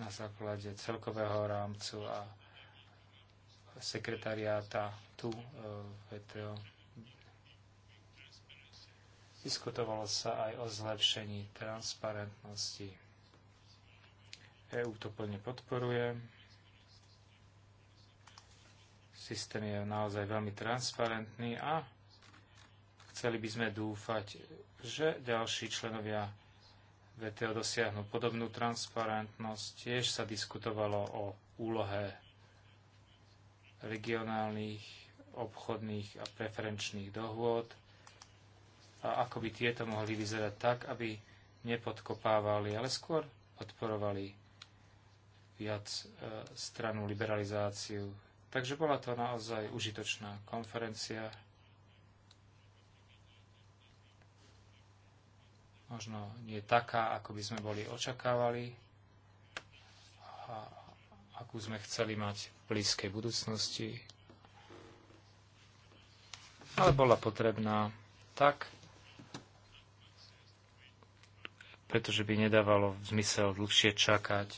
na základe celkového rámcu a sekretariáta tu e, VTO. E Diskutovalo sa aj o zlepšení transparentnosti. EU to plne podporuje. Systém je naozaj veľmi transparentný a chceli by sme dúfať, že ďalší členovia VTO dosiahnu podobnú transparentnosť. Tiež sa diskutovalo o úlohe regionálnych, obchodných a preferenčných dohôd a ako by tieto mohli vyzerať tak, aby nepodkopávali, ale skôr podporovali viac e, stranu liberalizáciu. Takže bola to naozaj užitočná konferencia. možno nie taká, ako by sme boli očakávali a akú sme chceli mať v blízkej budúcnosti. Ale bola potrebná tak, pretože by nedávalo zmysel dlhšie čakať,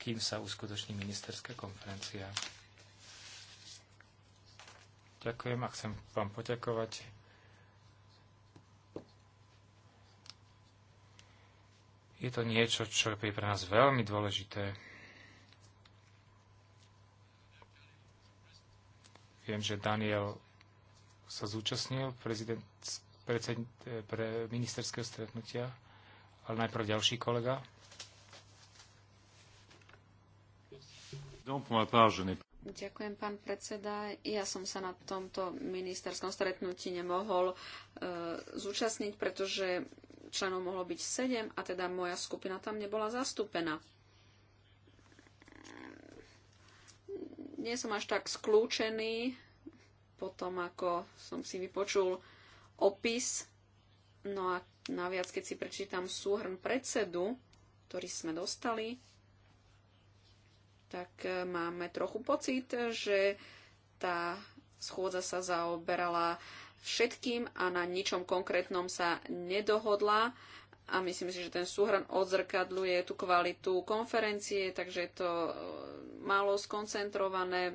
kým sa uskutoční ministerská konferencia. Ďakujem a chcem vám poďakovať Je to niečo, čo je pre nás veľmi dôležité. Viem, že Daniel sa zúčastnil prezident, predsed, pre ministerského stretnutia, ale najprv ďalší kolega. Ďakujem, pán predseda. Ja som sa na tomto ministerskom stretnutí nemohol e, zúčastniť, pretože členov mohlo byť 7 a teda moja skupina tam nebola zastúpená. Nie som až tak skľúčený tom, ako som si vypočul opis. No a naviac, keď si prečítam súhrn predsedu, ktorý sme dostali, tak e, máme trochu pocit, že tá schôdza sa zaoberala uh, všetkým a na ničom konkrétnom sa nedohodla a myslím si, že ten súhrn odzrkadľuje tú kvalitu konferencie, takže je to e, málo skoncentrované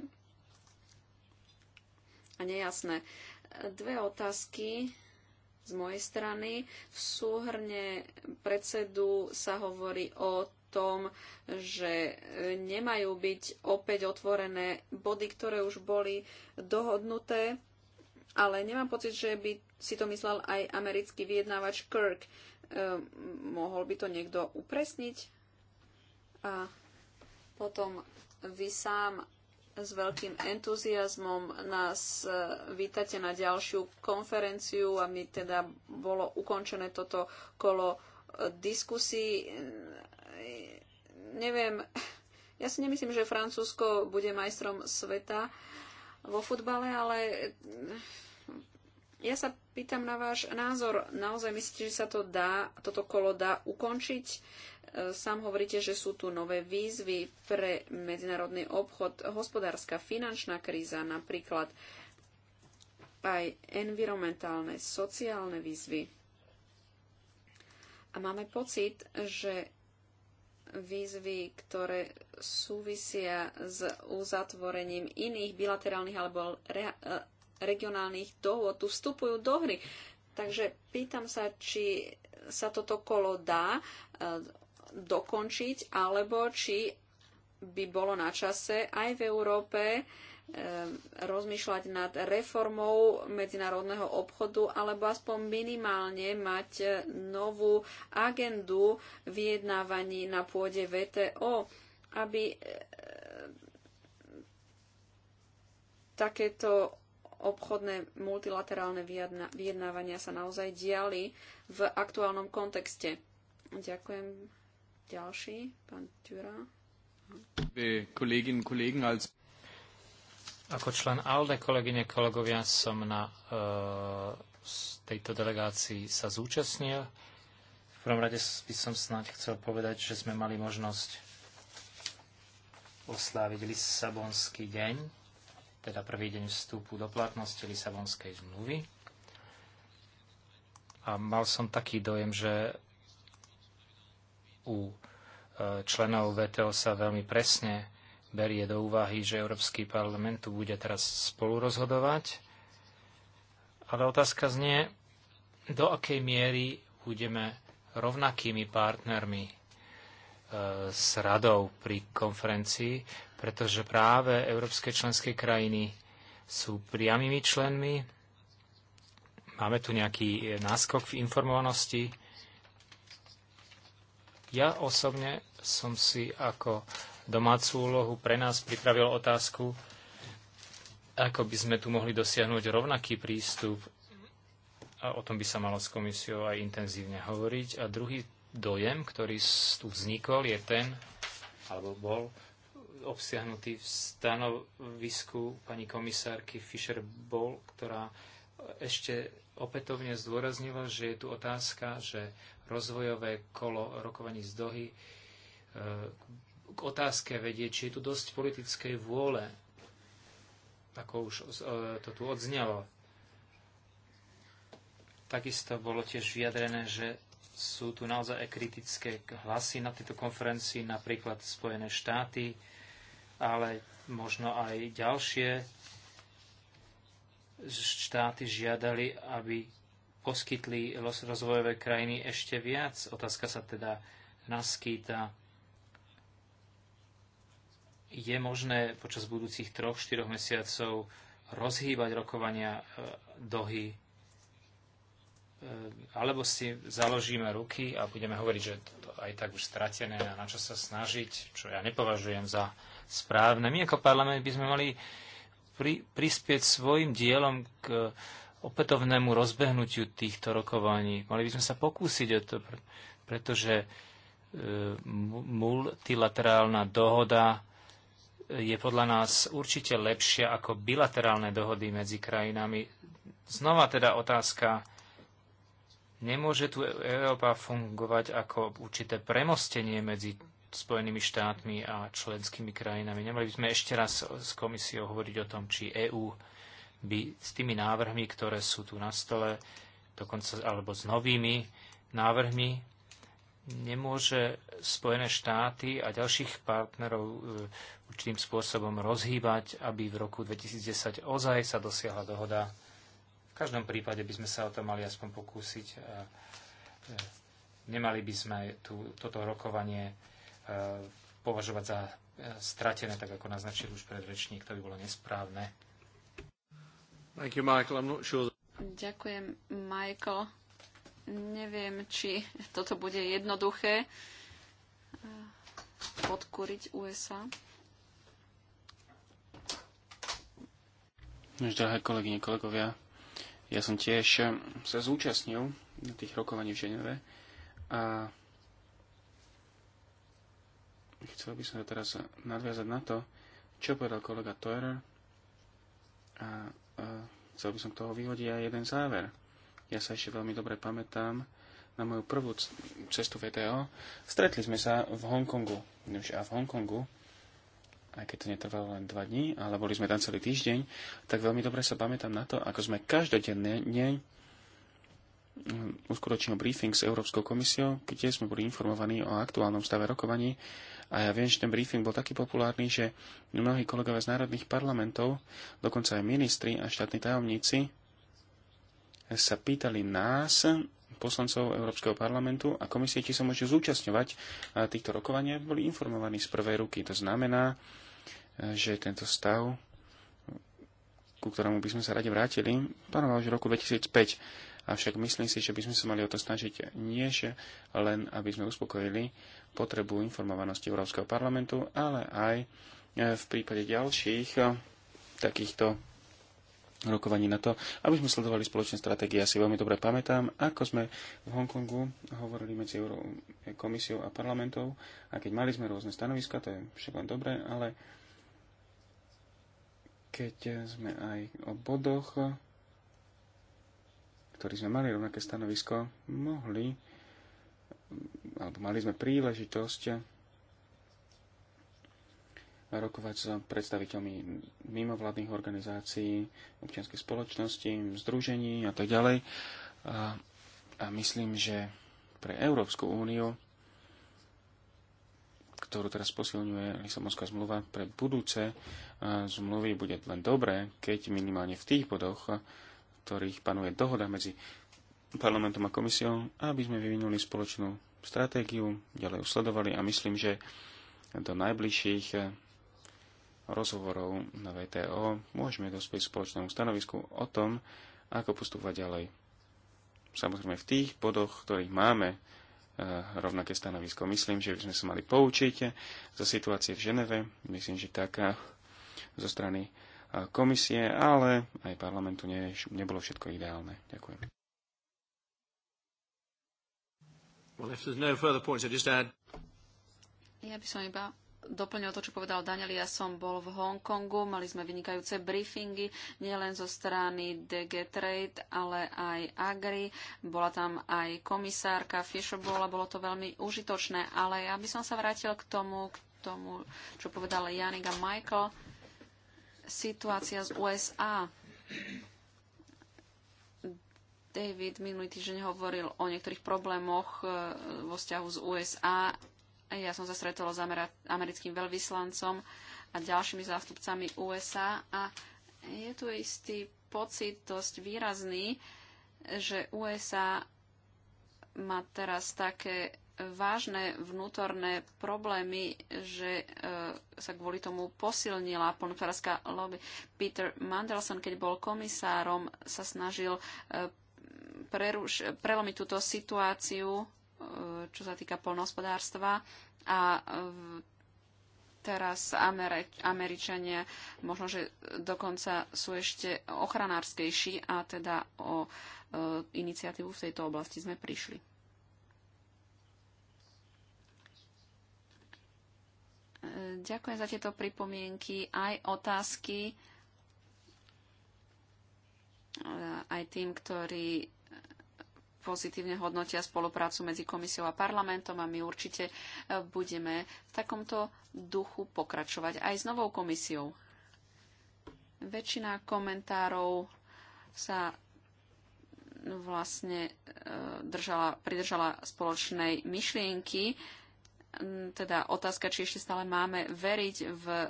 a nejasné. Dve otázky z mojej strany. V súhrne predsedu sa hovorí o tom, že nemajú byť opäť otvorené body, ktoré už boli dohodnuté ale nemám pocit, že by si to myslel aj americký vyjednávač Kirk. E, mohol by to niekto upresniť? A potom vy sám s veľkým entuziasmom nás e, vítate na ďalšiu konferenciu a mi teda bolo ukončené toto kolo e, diskusí. Neviem, ja si nemyslím, že Francúzsko bude majstrom sveta vo futbale, ale mm, ja sa pýtam na váš názor. Naozaj myslíte, že sa to dá, toto kolo dá ukončiť? E, sám hovoríte, že sú tu nové výzvy pre medzinárodný obchod, hospodárska, finančná kríza napríklad, aj environmentálne, sociálne výzvy. A máme pocit, že výzvy, ktoré súvisia s uzatvorením iných bilaterálnych alebo re, e, regionálnych dohôd, tu vstupujú do hry. Takže pýtam sa, či sa toto kolo dá e, dokončiť, alebo či by bolo na čase aj v Európe Eh, rozmýšľať nad reformou medzinárodného obchodu alebo aspoň minimálne mať novú agendu vyjednávaní na pôde VTO, aby eh, takéto obchodné multilaterálne vyjednávania sa naozaj diali v aktuálnom kontexte. Ďakujem. Ďalší, pán Ďura. Kolegyne, kolegen, als ako člen ALDE, kolegyne, kolegovia, som na e, tejto delegácii sa zúčastnil. V prvom rade by som snáď chcel povedať, že sme mali možnosť osláviť Lisabonský deň, teda prvý deň vstupu do platnosti Lisabonskej zmluvy. A mal som taký dojem, že u e, členov VTO sa veľmi presne berie do úvahy, že Európsky parlament tu bude teraz spolu rozhodovať. Ale otázka znie, do akej miery budeme rovnakými partnermi e, s radou pri konferencii, pretože práve európske členské krajiny sú priamými členmi. Máme tu nejaký e, náskok v informovanosti. Ja osobne som si ako domácu úlohu, pre nás pripravil otázku, ako by sme tu mohli dosiahnuť rovnaký prístup a o tom by sa malo s komisiou aj intenzívne hovoriť. A druhý dojem, ktorý tu vznikol, je ten, alebo bol obsiahnutý v stanovisku pani komisárky Fischer-Boll, ktorá ešte opätovne zdôraznila, že je tu otázka, že rozvojové kolo rokovaní z Dohy e, k otázke vedie, či je tu dosť politickej vôle, ako už to tu odznelo. Takisto bolo tiež vyjadrené, že sú tu naozaj aj kritické hlasy na tejto konferencii, napríklad Spojené štáty, ale možno aj ďalšie štáty žiadali, aby poskytli rozvojové krajiny ešte viac. Otázka sa teda naskýta, je možné počas budúcich troch, štyroch mesiacov rozhýbať rokovania e, dohy, e, alebo si založíme ruky a budeme hovoriť, že to aj tak už stratené a na čo sa snažiť, čo ja nepovažujem za správne. My ako parlament by sme mali pri, prispieť svojim dielom k opätovnému rozbehnutiu týchto rokovaní. Mali by sme sa pokúsiť o to, pretože e, multilaterálna dohoda je podľa nás určite lepšia ako bilaterálne dohody medzi krajinami. Znova teda otázka, nemôže tu Európa fungovať ako určité premostenie medzi Spojenými štátmi a členskými krajinami. Nemali by sme ešte raz s komisiou hovoriť o tom, či EÚ by s tými návrhmi, ktoré sú tu na stole, dokonca alebo s novými návrhmi, nemôže Spojené štáty a ďalších partnerov e, určitým spôsobom rozhýbať, aby v roku 2010 ozaj sa dosiahla dohoda. V každom prípade by sme sa o to mali aspoň pokúsiť. E, nemali by sme tu, toto rokovanie e, považovať za stratené, tak ako naznačil už predrečník, to by bolo nesprávne. You, Michael. Sure that... Ďakujem, Michael Neviem, či toto bude jednoduché eh, podkuriť USA. Nož, drahé kolegyne, kolegovia, ja som tiež eh, sa zúčastnil na tých rokovaní v Ženeve a chcel by som teraz nadviazať na to, čo povedal kolega Teurer a, a eh, chcel by som toho vyhodiť aj jeden záver. Ja sa ešte veľmi dobre pamätám na moju prvú cestu VTO. E Stretli sme sa v Hongkongu. Už a v Hongkongu, aj keď to netrvalo len dva dní, ale boli sme tam celý týždeň, tak veľmi dobre sa pamätám na to, ako sme každodenne mm, uskutočnil briefing s Európskou komisiou, kde sme boli informovaní o aktuálnom stave rokovaní a ja viem, že ten briefing bol taký populárny, že mnohí kolegovia z národných parlamentov, dokonca aj ministri a štátni tajomníci sa pýtali nás, poslancov Európskeho parlamentu a komisie, či sa môžu zúčastňovať týchto rokovania, boli informovaní z prvej ruky. To znamená, e, že tento stav, ku ktorému by sme sa radi vrátili, panoval už v roku 2005. Avšak myslím si, že by sme sa mali o to snažiť nie len, aby sme uspokojili potrebu informovanosti Európskeho parlamentu, ale aj e, v prípade ďalších e, takýchto rokovaní na to, aby sme sledovali spoločné stratégie. Ja si veľmi dobre pamätám, ako sme v Hongkongu hovorili medzi Euró- komisiou a parlamentov a keď mali sme rôzne stanoviska, to je všetko dobré, ale keď sme aj o bodoch, ktorí sme mali rovnaké stanovisko, mohli alebo mali sme príležitosť rokovať s predstaviteľmi mimovládnych organizácií, občianskej spoločnosti, združení a tak ďalej. A, a myslím, že pre Európsku úniu, ktorú teraz posilňuje Lisabonská zmluva, pre budúce zmluvy bude len dobré, keď minimálne v tých bodoch, v ktorých panuje dohoda medzi parlamentom a komisiou, aby sme vyvinuli spoločnú stratégiu, ďalej usledovali a myslím, že do najbližších rozhovorov na VTO môžeme dospieť spoločnému stanovisku o tom, ako postupovať ďalej. Samozrejme v tých bodoch, ktorých máme eh, rovnaké stanovisko. Myslím, že by sme sa mali poučiť za situácie v Ženeve. Myslím, že taká eh, zo strany eh, komisie, ale aj parlamentu ne, nebolo všetko ideálne. Ďakujem. No ja by som iba doplnil to, čo povedal Daniel. Ja som bol v Hongkongu, mali sme vynikajúce briefingy, nielen zo strany DG Trade, ale aj Agri. Bola tam aj komisárka Fisherbowl a bolo to veľmi užitočné. Ale ja by som sa vrátil k tomu, k tomu, čo povedal Janik a Michael. Situácia z USA. David minulý týždeň hovoril o niektorých problémoch e, vo vzťahu z USA ja som sa stretol s americkým veľvyslancom a ďalšími zástupcami USA a je tu istý pocit dosť výrazný, že USA má teraz také vážne vnútorné problémy, že e, sa kvôli tomu posilnila polnospodárska lobby. Peter Mandelson, keď bol komisárom, sa snažil e, preruš- prelomiť túto situáciu E, čo sa týka polnohospodárstva a e, teraz Američania možno, že dokonca sú ešte ochranárskejší a teda o e, iniciatívu v tejto oblasti sme prišli. Ďakujem za tieto pripomienky, aj otázky, aj tým, ktorí pozitívne hodnotia spoluprácu medzi komisiou a parlamentom a my určite e, budeme v takomto duchu pokračovať aj s novou komisiou. Väčšina komentárov sa vlastne e, držala, pridržala spoločnej myšlienky, teda otázka, či ešte stále máme veriť v e,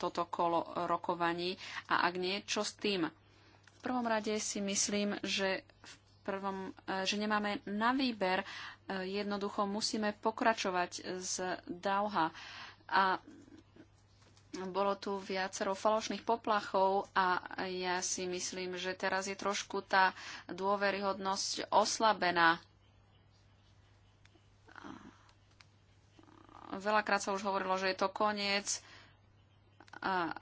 toto kolo rokovaní a ak nie, čo s tým? V prvom rade si myslím, že v prvom, e, že nemáme na výber. E, jednoducho musíme pokračovať z Dauha. A bolo tu viacero falošných poplachov a ja si myslím, že teraz je trošku tá dôveryhodnosť oslabená. Veľakrát sa už hovorilo, že je to koniec a e,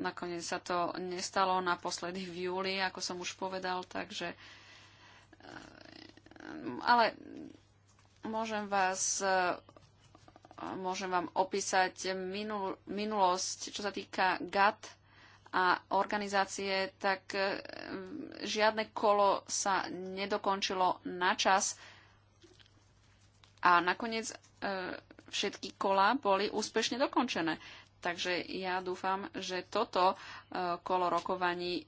nakoniec sa to nestalo naposledy v júli, ako som už povedal, takže ale môžem vás e, môžem vám opísať minul, minulosť, čo sa týka GAT a organizácie, tak e, žiadne kolo sa nedokončilo na čas a nakoniec e, všetky kola boli úspešne dokončené. Takže ja dúfam, že toto kolo rokovaní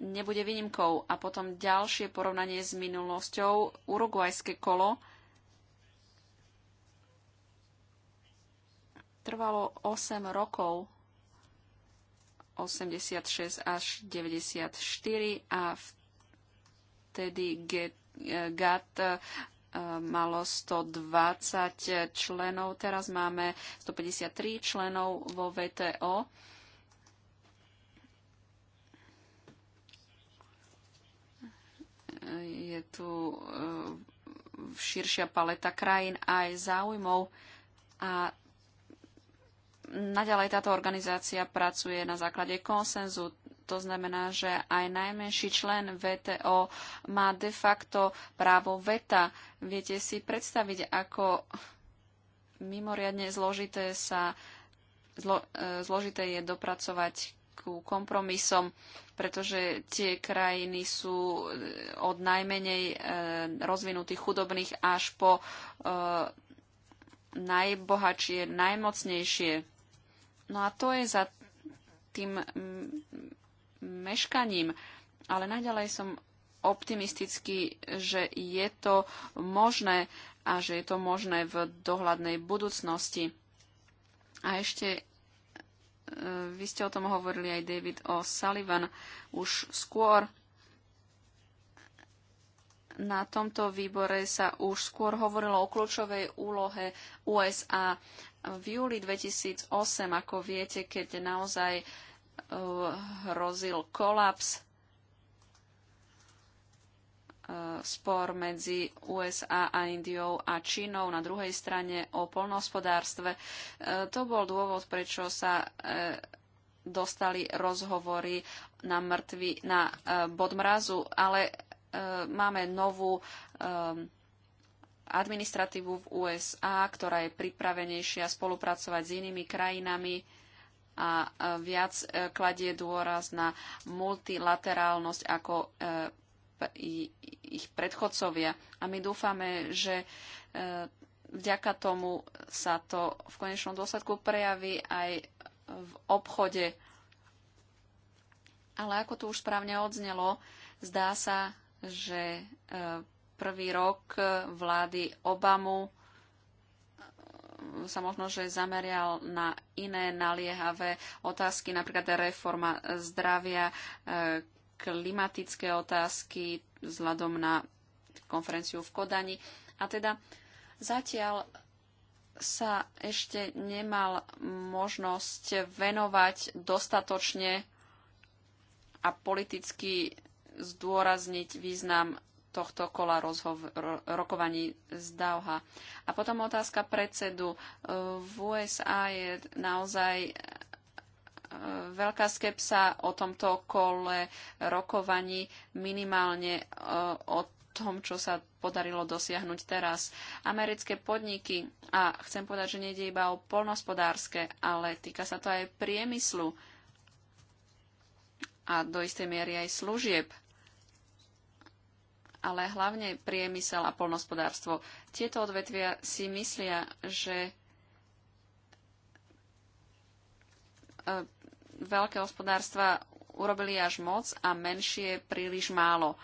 nebude výnimkou. A potom ďalšie porovnanie s minulosťou, uruguajské kolo trvalo 8 rokov, 86 až 94 a vtedy eh, GAT eh, malo 120 členov, teraz máme 153 členov vo VTO je tu eh, širšia paleta krajín aj záujmov a naďalej táto organizácia pracuje na základe konsenzu. To znamená, že aj najmenší člen VTO má de facto právo VETA. Viete si predstaviť, ako mimoriadne zložité, sa, zlo, eh, zložité je dopracovať ku kompromisom, pretože tie krajiny sú eh, od najmenej eh, rozvinutých chudobných až po eh, najbohatšie, najmocnejšie. No a to je za tým mm, meškaním. Ale naďalej som optimistický, že je to možné a že je to možné v dohľadnej budúcnosti. A ešte Eh, vy ste o tom hovorili aj David o Sullivan už skôr. Na tomto výbore sa už skôr hovorilo o kľúčovej úlohe USA v júli 2008, ako viete, keď naozaj eh, hrozil kolaps E, spor medzi USA a Indiou a Čínou, na druhej strane o polnohospodárstve. E, to bol dôvod, prečo sa e, dostali rozhovory na, mŕtvy, na bod mrazu, ale máme novú administratívu v USA, ktorá je pripravenejšia spolupracovať s inými krajinami a viac kladie dôraz na multilaterálnosť ako ich predchodcovia. A my dúfame, že e, vďaka tomu sa to v konečnom dôsledku prejaví aj v obchode. Ale ako tu už správne odznelo, zdá sa, že e, prvý rok e, vlády Obamu sa možno, že zamerial na iné naliehavé otázky, napríklad reforma zdravia, klimatické otázky vzhľadom na konferenciu v Kodani. A teda zatiaľ sa ešte nemal možnosť venovať dostatočne a politicky zdôrazniť význam tohto kola rozhov- ro- rokovaní z Dauha. A potom otázka predsedu. V USA je naozaj veľká skepsa o tomto kole rokovaní minimálne e, o tom, čo sa podarilo dosiahnuť teraz. Americké podniky, a chcem povedať, že nejde iba o polnospodárske, ale týka sa to aj priemyslu a do istej miery aj služieb ale hlavne priemysel a polnospodárstvo. Tieto odvetvia si myslia, že e, veľké hospodárstva urobili až moc a menšie príliš málo.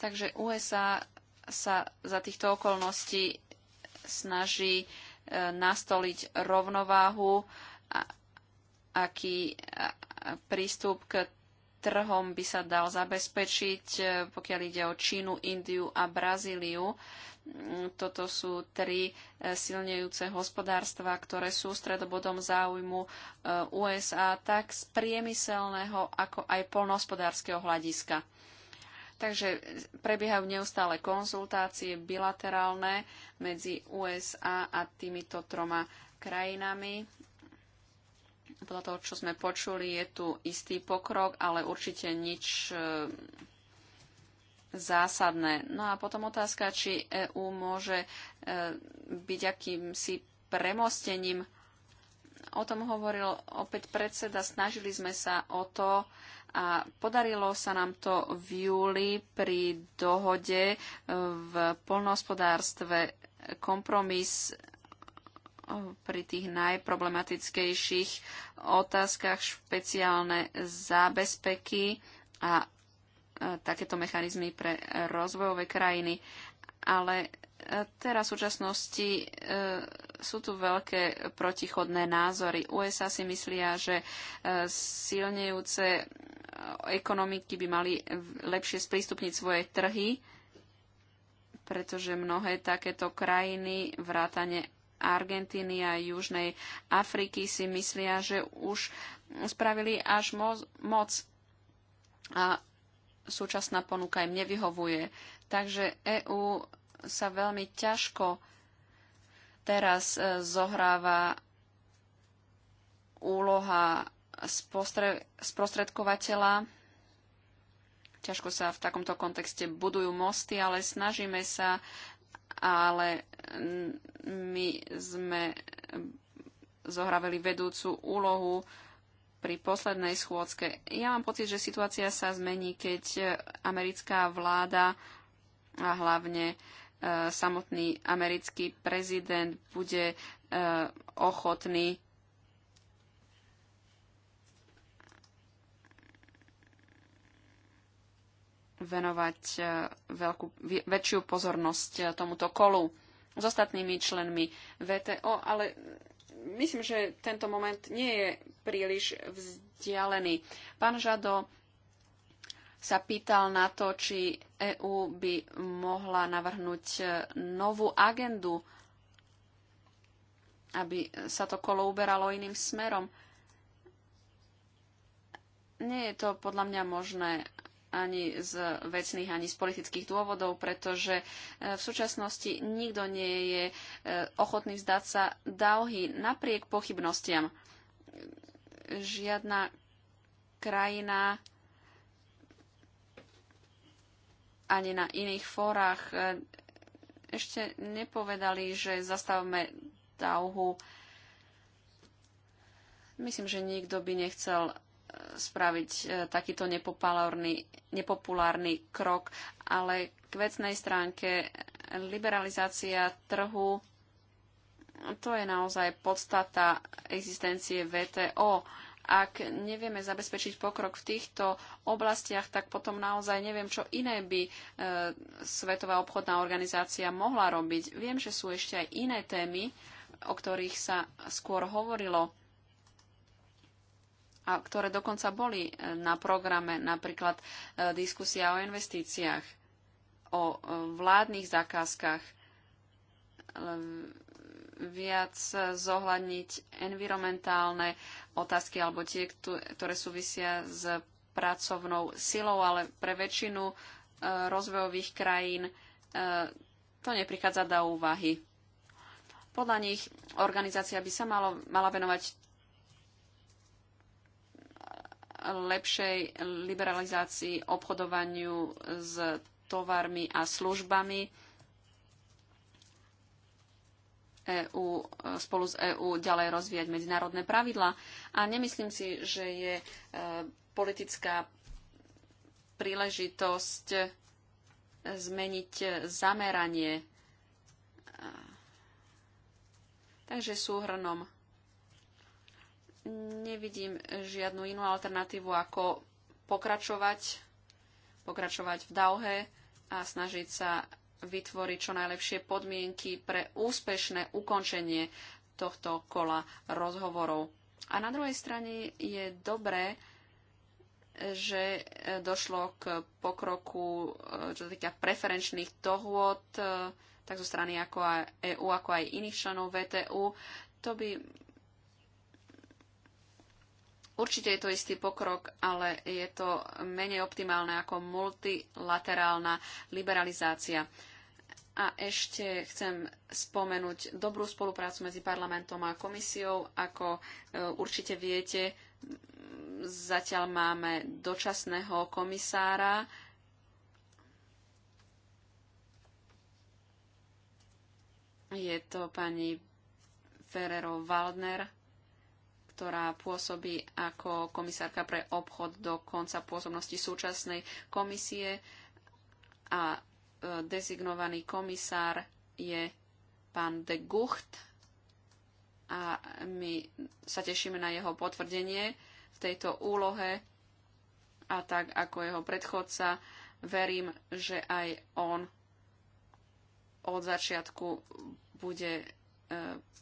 Takže USA sa za týchto okolností snaží e, nastoliť rovnováhu, aký prístup k trhom by sa dal zabezpečiť, e, pokiaľ ide o Čínu, Indiu a Brazíliu. Mm, toto sú tri e, silnejúce hospodárstva, ktoré sú stredobodom záujmu e, USA tak z priemyselného, ako aj polnohospodárskeho hľadiska. Takže prebiehajú neustále konzultácie bilaterálne medzi USA a týmito troma krajinami. Podľa toho, čo sme počuli, je tu istý pokrok, ale určite nič e, zásadné. No a potom otázka, či EÚ môže e, byť akýmsi premostením. O tom hovoril opäť predseda. Snažili sme sa o to a podarilo sa nám to v júli pri dohode e, v polnohospodárstve kompromis e, pri tých najproblematickejších otázkach špeciálne zábezpeky a E, takéto mechanizmy pre rozvojové krajiny. Ale e, teraz v súčasnosti e, sú tu veľké protichodné názory. USA si myslia, že silnejúce ekonomiky by mali lepšie sprístupniť svoje trhy, pretože mnohé takéto krajiny, vrátane Argentíny a Južnej Afriky, si myslia, že už spravili až moc. A súčasná ponuka im nevyhovuje. Takže EÚ sa veľmi ťažko teraz e, zohráva úloha sprostredkovateľa. Ťažko sa v takomto kontexte budujú mosty, ale snažíme sa, ale my sme zohrávali vedúcu úlohu pri poslednej schôdzke. Ja mám pocit, že situácia sa zmení, keď e, americká vláda a hlavne e, samotný americký prezident bude e, ochotný venovať e, veľkú, väčšiu pozornosť e, tomuto kolu s ostatnými členmi VTO, ale myslím, že tento moment nie je príliš vzdialený. Pán Žado sa pýtal na to, či EÚ by mohla navrhnúť novú agendu, aby sa to kolo uberalo iným smerom. Nie je to podľa mňa možné ani z vecných, ani z politických dôvodov, pretože e, v súčasnosti nikto nie je e, ochotný vzdať sa dávhy napriek pochybnostiam žiadna krajina ani na iných fórach e, ešte nepovedali, že zastavme Dauhu. Myslím, že nikto by nechcel e, spraviť e, takýto nepopulárny, nepopulárny krok, ale k vecnej stránke liberalizácia trhu to je naozaj podstata existencie VTO. Ak nevieme zabezpečiť pokrok v týchto oblastiach, tak potom naozaj neviem, čo iné by e, Svetová obchodná organizácia mohla robiť. Viem, že sú ešte aj iné témy, o ktorých sa skôr hovorilo a ktoré dokonca boli e, na programe, napríklad e, diskusia o investíciách, o e, vládnych zákazkách viac zohľadniť environmentálne otázky alebo tie, ktoré súvisia s pracovnou silou, ale pre väčšinu e, rozvojových krajín e, to neprichádza do úvahy. Podľa nich organizácia by sa malo, mala venovať lepšej liberalizácii obchodovaniu s tovarmi a službami EU, spolu s EÚ ďalej rozvíjať medzinárodné pravidlá. A nemyslím si, že je e, politická príležitosť e, zmeniť zameranie. E, takže súhrnom nevidím žiadnu inú alternatívu, ako pokračovať, pokračovať v Dauhe a snažiť sa vytvoriť čo najlepšie podmienky pre úspešné ukončenie tohto kola rozhovorov. A na druhej strane je dobré, že došlo k pokroku, eh, čo sa týka preferenčných dohôd, eh, tak zo strany ako aj EU, ako aj iných členov VTU. To by Určite je to istý pokrok, ale je to menej optimálne ako multilaterálna liberalizácia. A ešte chcem spomenúť dobrú spoluprácu medzi parlamentom a komisiou. Ako e, určite viete, zatiaľ máme dočasného komisára. Je to pani Ferrero Waldner, ktorá pôsobí ako komisárka pre obchod do konca pôsobnosti súčasnej komisie a dezignovaný komisár je pán de Gucht a my sa tešíme na jeho potvrdenie v tejto úlohe a tak ako jeho predchodca verím, že aj on od začiatku bude e,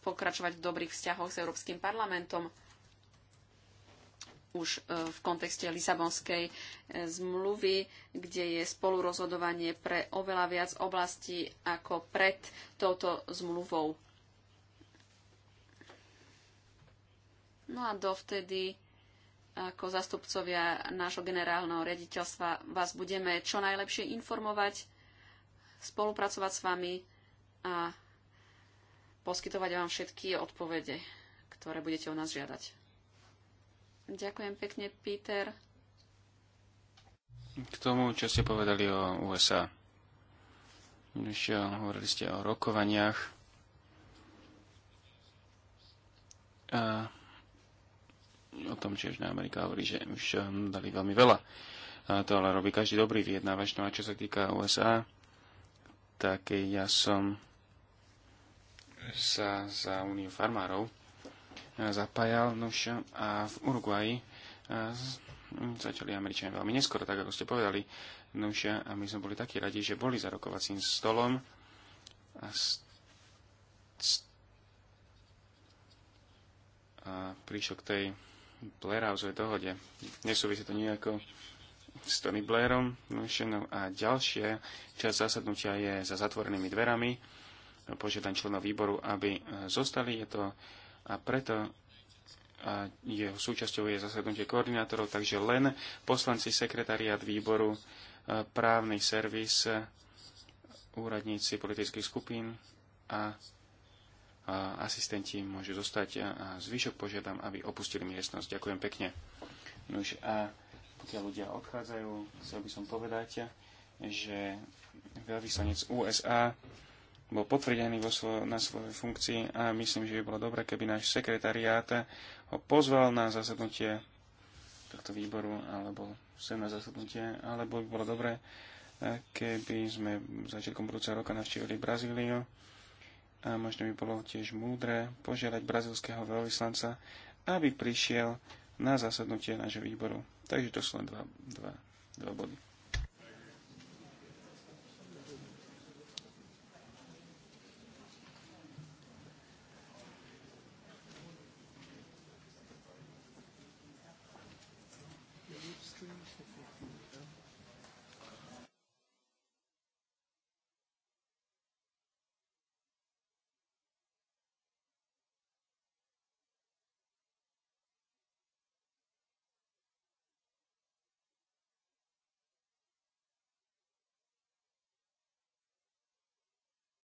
pokračovať v dobrých vzťahoch s Európskym parlamentom už e, v kontexte Lisabonskej e, zmluvy, kde je spolurozhodovanie pre oveľa viac oblastí ako pred touto zmluvou. No a dovtedy ako zastupcovia nášho generálneho rediteľstva vás budeme čo najlepšie informovať, spolupracovať s vami a poskytovať vám všetky odpovede, ktoré budete o nás žiadať. Ďakujem pekne, Peter. K tomu, čo ste povedali o USA. Už hovorili ste o rokovaniach. A o tom, že Južná Amerika hovorí, že už um, dali veľmi veľa. A to ale robí každý dobrý vyjednávač. No a čo sa týka USA, tak ja som sa za Úniu farmárov E, zapájal. Nuž, no a v Uruguaji e, začali Američania veľmi neskoro, tak ako ste povedali. Nuž, no a my sme boli takí radi, že boli za rokovacím stolom a, a prišiel k tej Blairhousovej dohode. Nesúvisí to nejako s Tony Blairom no a ďalšie časť zasadnutia je za zatvorenými dverami. Požiadam členov výboru, aby e, zostali. Je to a preto a jeho súčasťou je zasadnutie koordinátorov, takže len poslanci sekretariát výboru, e, právny servis, e, úradníci politických skupín a, a asistenti môžu zostať a, a zvyšok požiadam, aby opustili miestnosť. Ďakujem pekne. Nož a pokiaľ ľudia odchádzajú, chcel by som povedať, že veľvyslanec USA bol potvrdený vo svoj, na svojej funkcii a myslím, že by bolo dobre, keby náš sekretariát ho pozval na zasadnutie tohto výboru alebo sem na zasadnutie, alebo by bolo dobré, keby sme začiatkom budúceho roka navštívili Brazíliu a možno by bolo tiež múdre požiadať brazilského veľvyslanca, aby prišiel na zasadnutie nášho výboru. Takže to sú len dva, dva, dva body.